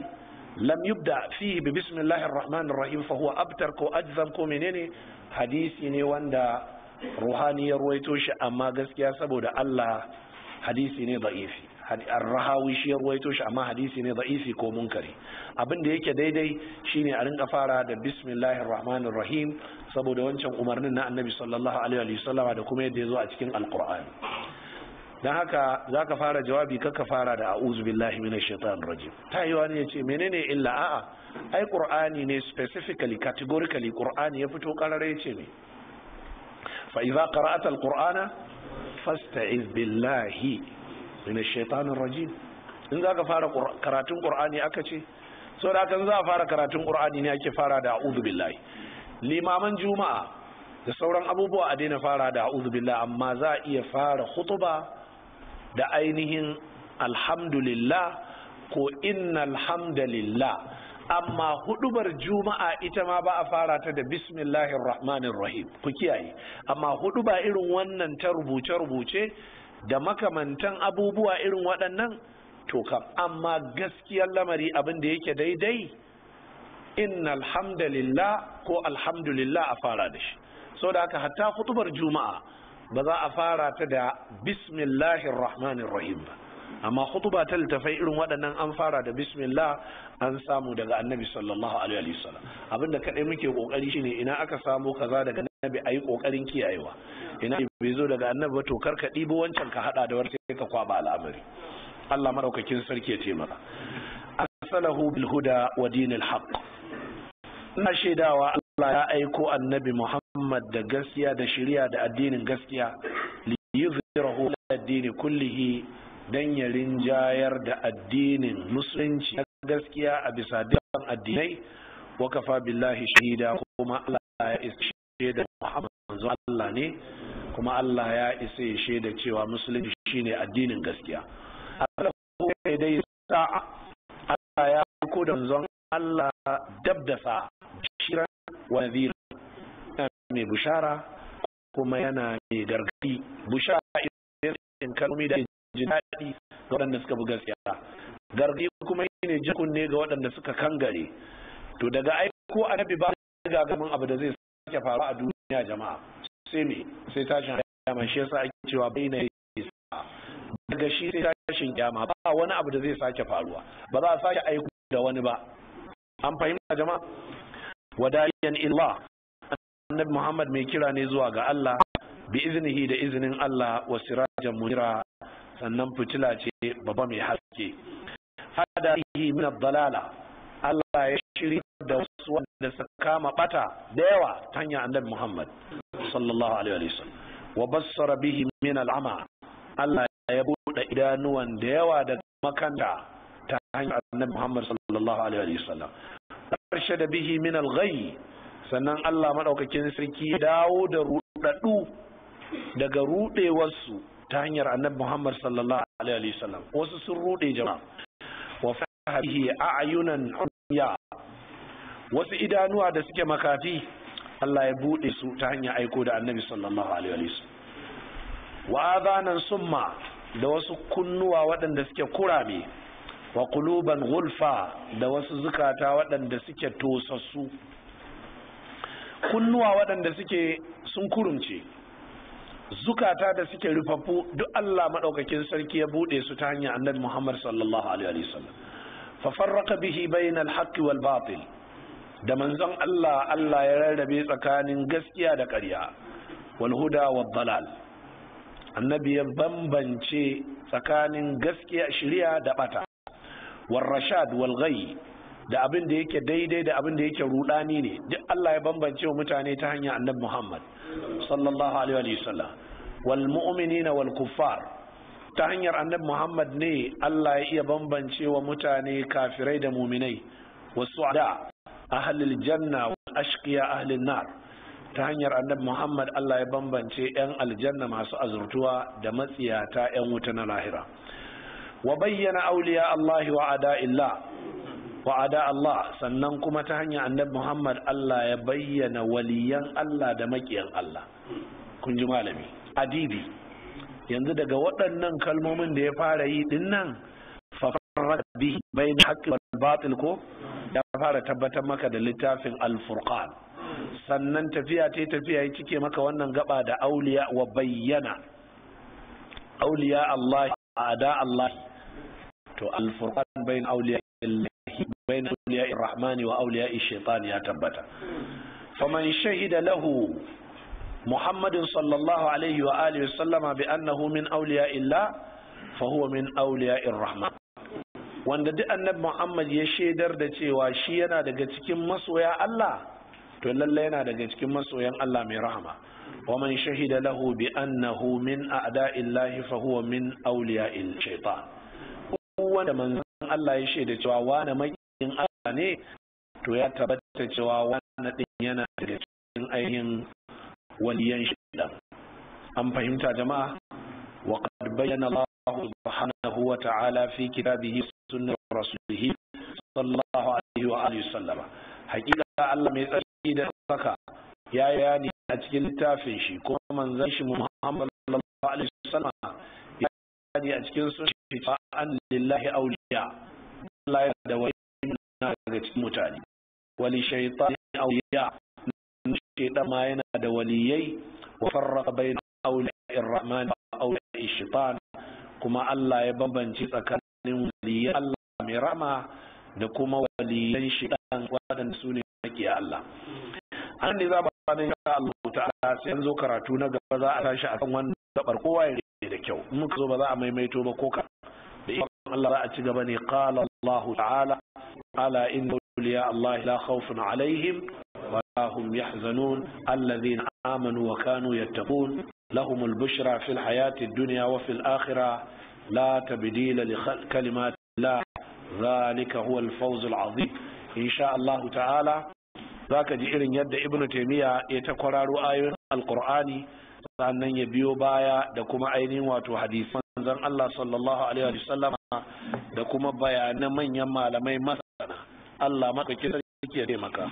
lam yubda fihi bi bismillahir rahmanir rahim fa huwa abtar ko ajzam ko menene hadisi ne wanda ruhani ya ruwaito shi amma gaskiya saboda Allah hadisi ne da'ifi ar-rahawi shi ya ruwaito shi amma hadisi ne da'ifi ko munkari abin da yake daidai shine a rinka fara da bismillahir rahmanir saboda wancan umarnin na annabi sallallahu alaihi wa sallama da kuma yadda ya zo a cikin alqur'ani dan haka zaka fara jawabi ka fara da a'udhu billahi minash shaitanir rajim wani ya yace menene illa a'a ai qur'ani ne specifically categorically qur'ani ya fito karare ce ne fa idza qara'ata alqur'ana fasta'iz billahi min ash rajim in zaka fara karatun qur'ani aka ce so da kan za fara karatun qur'ani ne ake fara da a'udhu limaman juma'a da sauran abubuwa a daina fara da a'udhu amma za'a iya fara hutuba da ainihin alhamdu lillah ko innal hamdalillah amma hudubar juma'a ita ma ba a fara ta da bismillahir rahmanir rahim ku kiyaye amma huduba irin wannan ta rubuce rubuce da makamantan abubuwa irin waɗannan to kam amma gaskiyar lamari abin da yake daidai inna alhamdulillah ko alhamdulillah a fara da shi so da haka hatta huɗubar juma'a ba za a fara ta da bismillahir rahmanir rahim ba amma hutuba ta littafai irin waɗannan an fara da bismillah an samu daga annabi sallallahu alaihi wasallam abinda kaɗai muke kokari shine ina aka samo kaza daga annabi ayi kokarin kiyayewa ina bai zo daga annabi ba to kar ka ɗibo wancan ka haɗa da wani sai ka kwaba al'amari Allah madaukakin sarki ya taimaka asalahu bil huda wa dinil haqq ina shaidawa Allah ya aiko annabi Muhammad da gaskiya da shari'a da addinin gaskiya li yuzhirahu ala kullihi don ya rinjayar da addinin musulunci na gaskiya a bisa dukkan addinai wa kafa billahi shahida kuma Allah ya isa shaida Muhammad manzo Allah ne kuma Allah ya isa ya shaida cewa musulunci shine addinin gaskiya Allah ko dai sa'a Allah ya ko da manzon Allah dab da sa'a shira wa nadhir mai bushara kuma yana mai gargadi bushara in kalmi da ji daɗi ga waɗanda suka buga gaskiya gargaɗi kuma ne ji kunne ga waɗanda suka kangare to daga aiko a nabi ba ga gamin abu da zai sake faru a duniya jama'a sai me sai tashin kyama, shi yasa ake cewa baina daga shi sai tashin kyama, ba wani abu da zai sake faruwa ba za a sake aiko da wani ba an fahimta jama'a wadaliyan illah annabi muhammad mai kira ne zuwa ga allah bi iznihi da izinin allah wa sirajan munira sannan fitila ce babba mai haske hada ihi min dalala Allah ya shirya da wasu wanda suka kama bata da yawa ta hanyar annabi Muhammad sallallahu alaihi wa sallam wa bassara bihi min al'ama Allah ya bude idanuwan da yawa daga makanda ta hanyar annabi Muhammad sallallahu alaihi wa sallam arshada bihi min al-ghayy sannan Allah madaukakin sarki ya dawo da rudadu daga rudewarsu ta hanyar annabi Muhammad sallallahu alaihi wasallam wasu sun rude jama'a wa fahihi a'yunan ya wasu idanuwa da suke makafi Allah ya bude su ta hanyar aiko da annabi sallallahu alaihi wasallam wa adanan summa da wasu kunnuwa waɗanda suke kurame wa quluban gulfa da wasu zukata waɗanda suke tosassu kunnuwa waɗanda suke sun kurumce zukata da suke rufaffu duk Allah madaukakin sarki ya bude su ta hanyar annabi Muhammad sallallahu alaihi wasallam fa farraqa bihi bainal al-haqqi wal batil da manzon Allah Allah ya rarrabe tsakanin gaskiya da ƙarya wal huda wa dalal annabi ya bambance tsakanin gaskiya shari'a da bata wal rashad wal ghayy da abin da yake daidai da abin da yake rudani ne duk Allah ya bambance wa mutane ta hanyar annabi Muhammad sallallahu alaihi wa sallam wal mu'minina wal kuffar ta hanyar annabi Muhammad ne Allah ya iya bambance wa mutane kafirai da muminai wasu da ahlul janna wa ashqiya ahlun nar ta hanyar annabi Muhammad Allah ya bambance yan aljanna masu azurtuwa da matsiyata yan wuta na lahira wa bayyana auliya Allah wa illa. wa Allah sannan kuma ta hanyar annabi Muhammad Allah ya bayyana waliyan Allah da maƙiyan Allah kun ji malami adibi yanzu daga waɗannan kalmomin da ya fara yi din nan fa farrat bi bain haqqi batil ko ya fara tabbatar maka da littafin alfurqan. sannan tafiya ta tafiya ya cike maka wannan gaba da auliya wa bayyana auliya Allah ada Allah to al-furqan bain auliya بين أولياء ya tabbata الشيطان shahida lahu فمن Sallallahu alaihi wa صلى الله عليه وآله وسلم بأنه من أولياء الله فهو من أولياء الرحمن wanda duk annabi Muhammad ya shaidar da cewa shi yana daga cikin masoya Allah to lalle yana daga cikin masoyan Allah mai rahama wa shahida lahu bi annahu min a'da'illahi fa huwa min in Allah ya shaida cewa wani makin Allah ne to ya tabbata cewa wani din yana daga cikin ainihin waliyan shaidan an fahimta jama'a wa qad bayyana Allah subhanahu wa ta'ala fi kitabihi sunnah rasulih sallallahu alaihi wa alihi sallama hakika Allah mai tsarki da saka ya yi yani a cikin littafin shi kuma manzon shi Muhammad sallallahu alaihi sallama, ya yi yani a cikin sunnah cewa an lillahi auliya Allah ya da wani na daga cikin mutane wali shaytan auliya shaytan ma yana da waliyai wa bai na auliyar rahman ba auliyar shaytan kuma Allah ya bambanci tsakanin waliyar Allah mai rama da kuma waliyan shaytan waɗanda su ne maki Allah an ne za mu ba ne Allah ta'ala sai an zo karatu na gaba za a tashi akan wannan gabar kowa ya da kyau muka zo ba za a maimaito ba ko ka الله رأت جبني قال الله تعالى على إن أولياء الله لا خوف عليهم ولا هم يحزنون الذين آمنوا وكانوا يتقون لهم البشرى في الحياة الدنيا وفي الآخرة لا تبديل لكلمات الله ذلك هو الفوز العظيم إن شاء الله تعالى ذاك جئر يد ابن تيمية يتقرار آية القرآن sannan ya biyo baya da kuma ainihin wato hadisan zan Allah sallallahu alaihi wa sallam da kuma bayanan manyan malamai masana Allah maka kisa yake ya maka.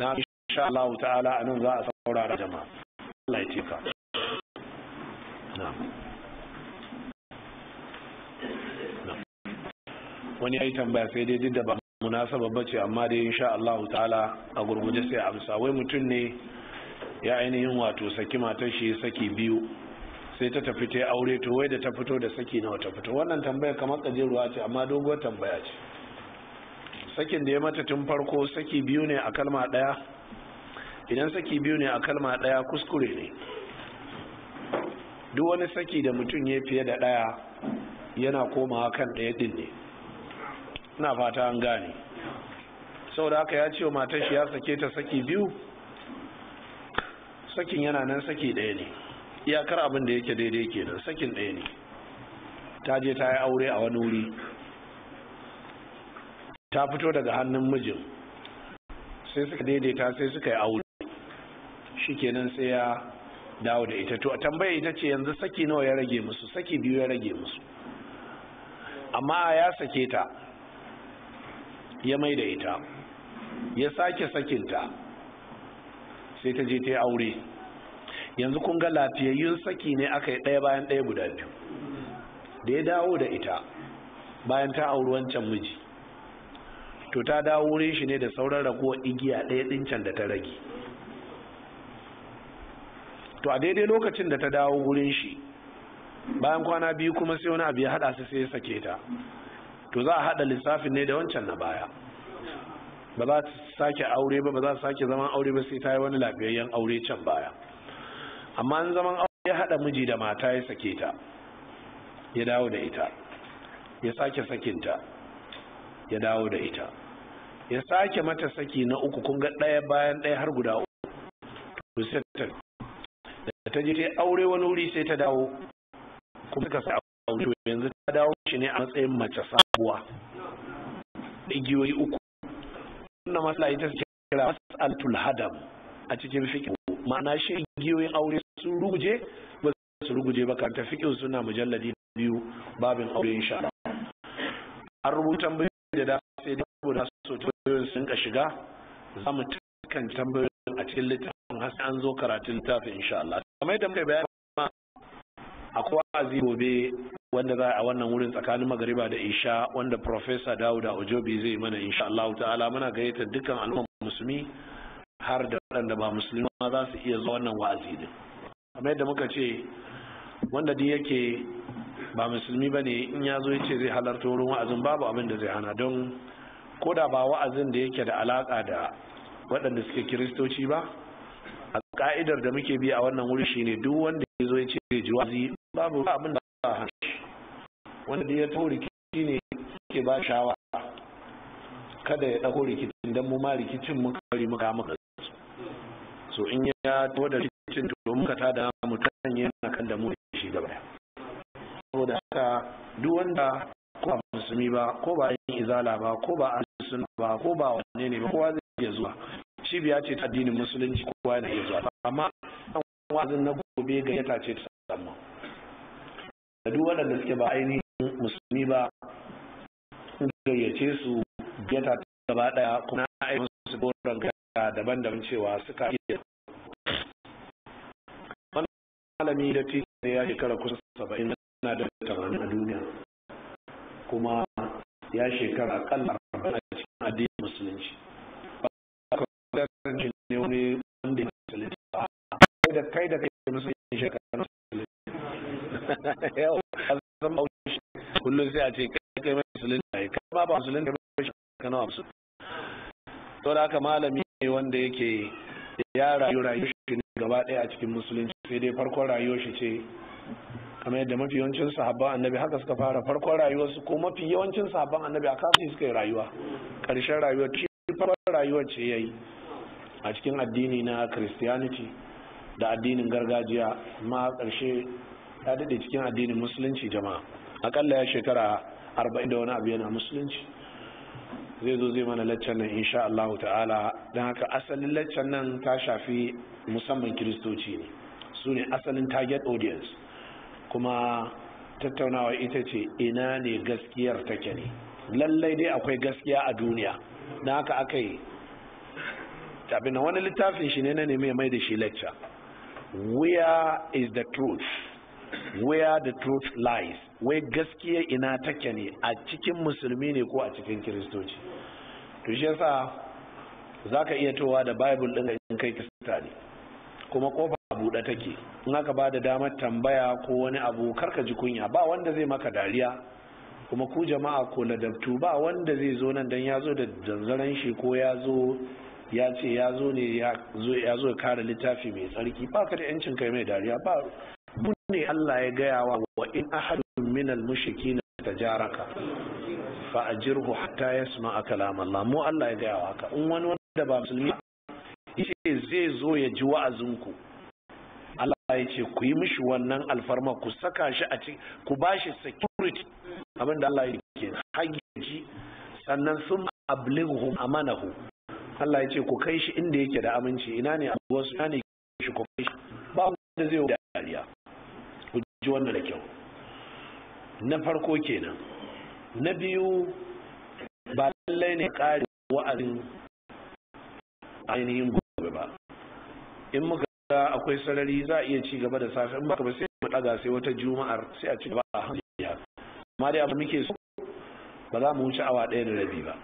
na insha Allah ta'ala anan za a saurara jama'a Allah ya yi wani yayi tambaya sai dai duk da ba munasaba bace amma dai insha Allah ta'ala a gurguje sai amsa wai mutum ne ya ainihin wato saki matar shi saki biyu sai ta tafi ta aure to wai da ta fito da saki nawa ta fito wannan tambaya kamar kajeruwa ce amma doguwar tambaya ce sakin da ya mata tun farko saki biyu ne a kalma daya idan saki biyu ne a kalma daya kuskure ne duk wani saki da mutum ya fiye da ɗaya yana komawa kan ɗaya ɗin ne ina fata an gane saboda haka ya ce wa matar shi ya sake ta saki biyu sakin yana nan saki ɗaya ne iyakar abin da yake daidai kenan sakin ɗaya ne ta je ta yi aure a wani wuri ta fito daga hannun mijin sai suka daidaita sai suka yi aure shikenan sai ya dawo da ita to a tambaya ita ce yanzu saki nawa ya rage musu saki biyu ya rage musu amma ya sake ta ya mai da ita ya sake sakinta sai ta je ta yi aure yanzu kun ga lafiyayyun saki ne aka yi ɗaya bayan ɗaya guda biyu da ya dawo da ita bayan ta auri wancan miji to ta dawo wurin shi ne da sauran ragowar igiya ɗaya ɗincan da ta rage to a daidai lokacin da ta dawo wurin shi bayan kwana biyu kuma sai wani abu ya haɗa su sai ya sake ta to za a haɗa lissafin ne da wancan na baya ba za su sake aure ba ba za su sake zaman aure ba sai ta yi wani lafiyayyen aure can baya amma in zaman aure ya haɗa miji da mata ya sake ta ya dawo da ita ya sake sakinta ya dawo da ita ya sake mata saki na uku kun ga ɗaya bayan ɗaya har guda uku to sai ta da ta je ta aure wani wuri sai ta dawo kuma suka sa aure yanzu ta dawo shi ne a matsayin mace sabuwa igiyoyi uku wannan masala ita ce kira mas'alatul hadam a cikin fikin ma'ana shi giyoyin aure sun ruguje ba su ruguje ba kan tafiqin suna mujalladi biyu babin aure insha Allah an rubuta tambayoyi da da sai da da so tambayoyin sun ka shiga za mu kan tambayoyin a cikin littafin har an zo karatun littafin insha Allah kamar yadda muka bayani akwai wa'azi gobe wanda za a wannan wurin tsakanin magariba da isha wanda professor Dawuda Ojobi zai mana insha Allah ta'ala muna gayyata dukkan al'umma musulmi har da waɗanda ba musulmi ma za su iya zuwa wannan wazi din kamar yadda muka ce wanda din yake ba musulmi ba ne in ya zo yace zai halarta wurin wa'azin babu abin da zai hana don ko da ba wa'azin da yake da alaka da waɗanda suke kiristoci ba a ka'idar da muke bi a wannan wuri shine duk wanda ya zo yace zai ji wa'azi babu abin da ba hanshi wanda da ya taho rikici ne ke ba shawa. kada ya taho rikicin don mu ma rikicin muka bari muka muka so in ya taho da rikicin to muka ta da mu tanye na kan da mu da shi gaba saboda haka duk wanda ko ba musulmi ba ko ba yin izala ba ko ba an ba ko ba wane ne ba kowa zai iya zuwa cibiya ce ta addinin musulunci kowa yana iya zuwa amma wazin na gobe ga yata ce ta samu. da duk waɗanda suke ba ainihin musulmi ba gayyace su gayyata gaba daya kuma na ainihin su goron gaya daban-daban cewa suka iya wani alami da ne ya shekara kusan saba'in na da tamanin a duniya kuma ya shekara akalla arba'in a cikin addinin musulunci ba a ne da wanda ya ba kai da kai yau a zama haushi kullum sai a ce kai kai musulun da ya kai ma ba musulun musulunta ba shi ka nawa musu to da haka malami ne wanda yake ya rayu rayu shi ne gaba ɗaya a cikin musulunci sai dai farkon rayuwar shi ce kamar yadda mafi yawancin sahabban annabi haka suka fara farkon rayuwar su ko mafi yawancin sahabban annabi a kasu suka yi rayuwa ƙarshen rayuwar shi farkon rayuwar ce yi a cikin addini na christianity da addinin gargajiya amma a ƙarshe ya dade cikin addinin musulunci jama'a akalla ya shekara arba'in da wani abu yana musulunci zai zo zai mana laccan nan insha Allah ta'ala dan haka asalin laccan nan ta shafi musamman kiristoci ne su ne asalin target audience kuma tattaunawa ita ce ina ne gaskiyar take ne lallai dai akwai gaskiya a duniya dan haka aka yi wani littafin shi ne na ne mai da shi lecture where is the truth where the truth lies wai gaskiya ina take ne a cikin musulmi ne ko a cikin kiristoci to shi yasa zaka iya towa da bible din in kai kista ne kuma kofa buɗe take in aka ba da damar tambaya ko wani abu karka ji kunya ba wanda zai maka dariya kuma ku jama'a ko ladabtu ba wanda zai zo nan dan yazo da zanzaran shi ko ya zo ya ce ya zo ya zo ya kare littafi mai tsarki ba ka da yancin kai mai dariya ba mu Allah ya gaya wa wa in ahadun min al-mushrikin tajaraka fa ajirhu hatta yasma kalam Allah mu Allah ya gaya wa ka. in wani wanda ba musulmi yace zai zo ya ji wa'azin ku Allah ya ce ku yi mishi wannan alfarma ku saka shi a ci ku bashi security abinda Allah ya ke hajji sannan sun mana amanahu Allah ya ce ku kai shi inda yake da aminci ina ne wasu? ina ne shi ku kai shi ba wanda zai da dariya ji wannan da kyau na farko kenan na biyu ba lallai ne ƙari wa'azin ainihin gobe ba in muka ga akwai sarari za a iya ci gaba da safe in ba ba sai mu daga sai wata juma'ar sai a ci gaba a hankali amma dai abu muke so ba za mu wuce awa ɗaya da rabi ba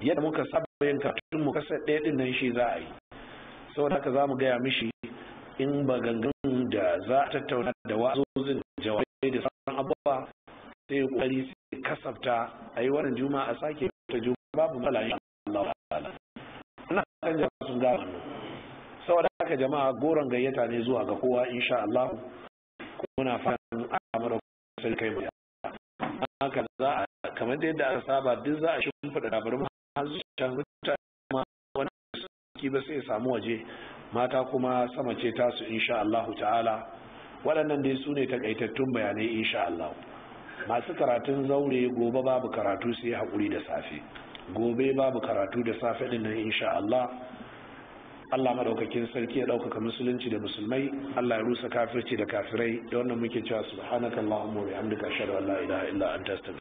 yadda muka saba yin kafin mu kasa ɗaya ɗin nan shi za a yi saboda haka za mu gaya mishi in ba gangan da za a tattauna da wa'azozin jawabai da sauran abubuwa sai kokari sai kasafta a yi wannan juma'a a sake ta juma'a babu mala insha Allah ta'ala ina kan jama'a sun gama saboda haka jama'a goron gayyata ne zuwa ga kowa insha Allah muna fatan a mara sai kai mu haka za a kamar yadda aka saba duk za a shimfida tabarma har zuwa mutane ma wani suki ba sai samu waje mata kuma sama ce tasu insha Allahu ta'ala waɗannan dai su ne takaitattun bayanai insha Allah masu karatun zaure gobe babu karatu sai haƙuri da safe gobe babu karatu da safe din nan insha Allah Allah madaukakin sarki ya ɗaukaka musulunci da musulmai Allah ya rusa kafirci da kafirai da wannan muke cewa subhanakallahumma wa bihamdika ashhadu an la ilaha illa anta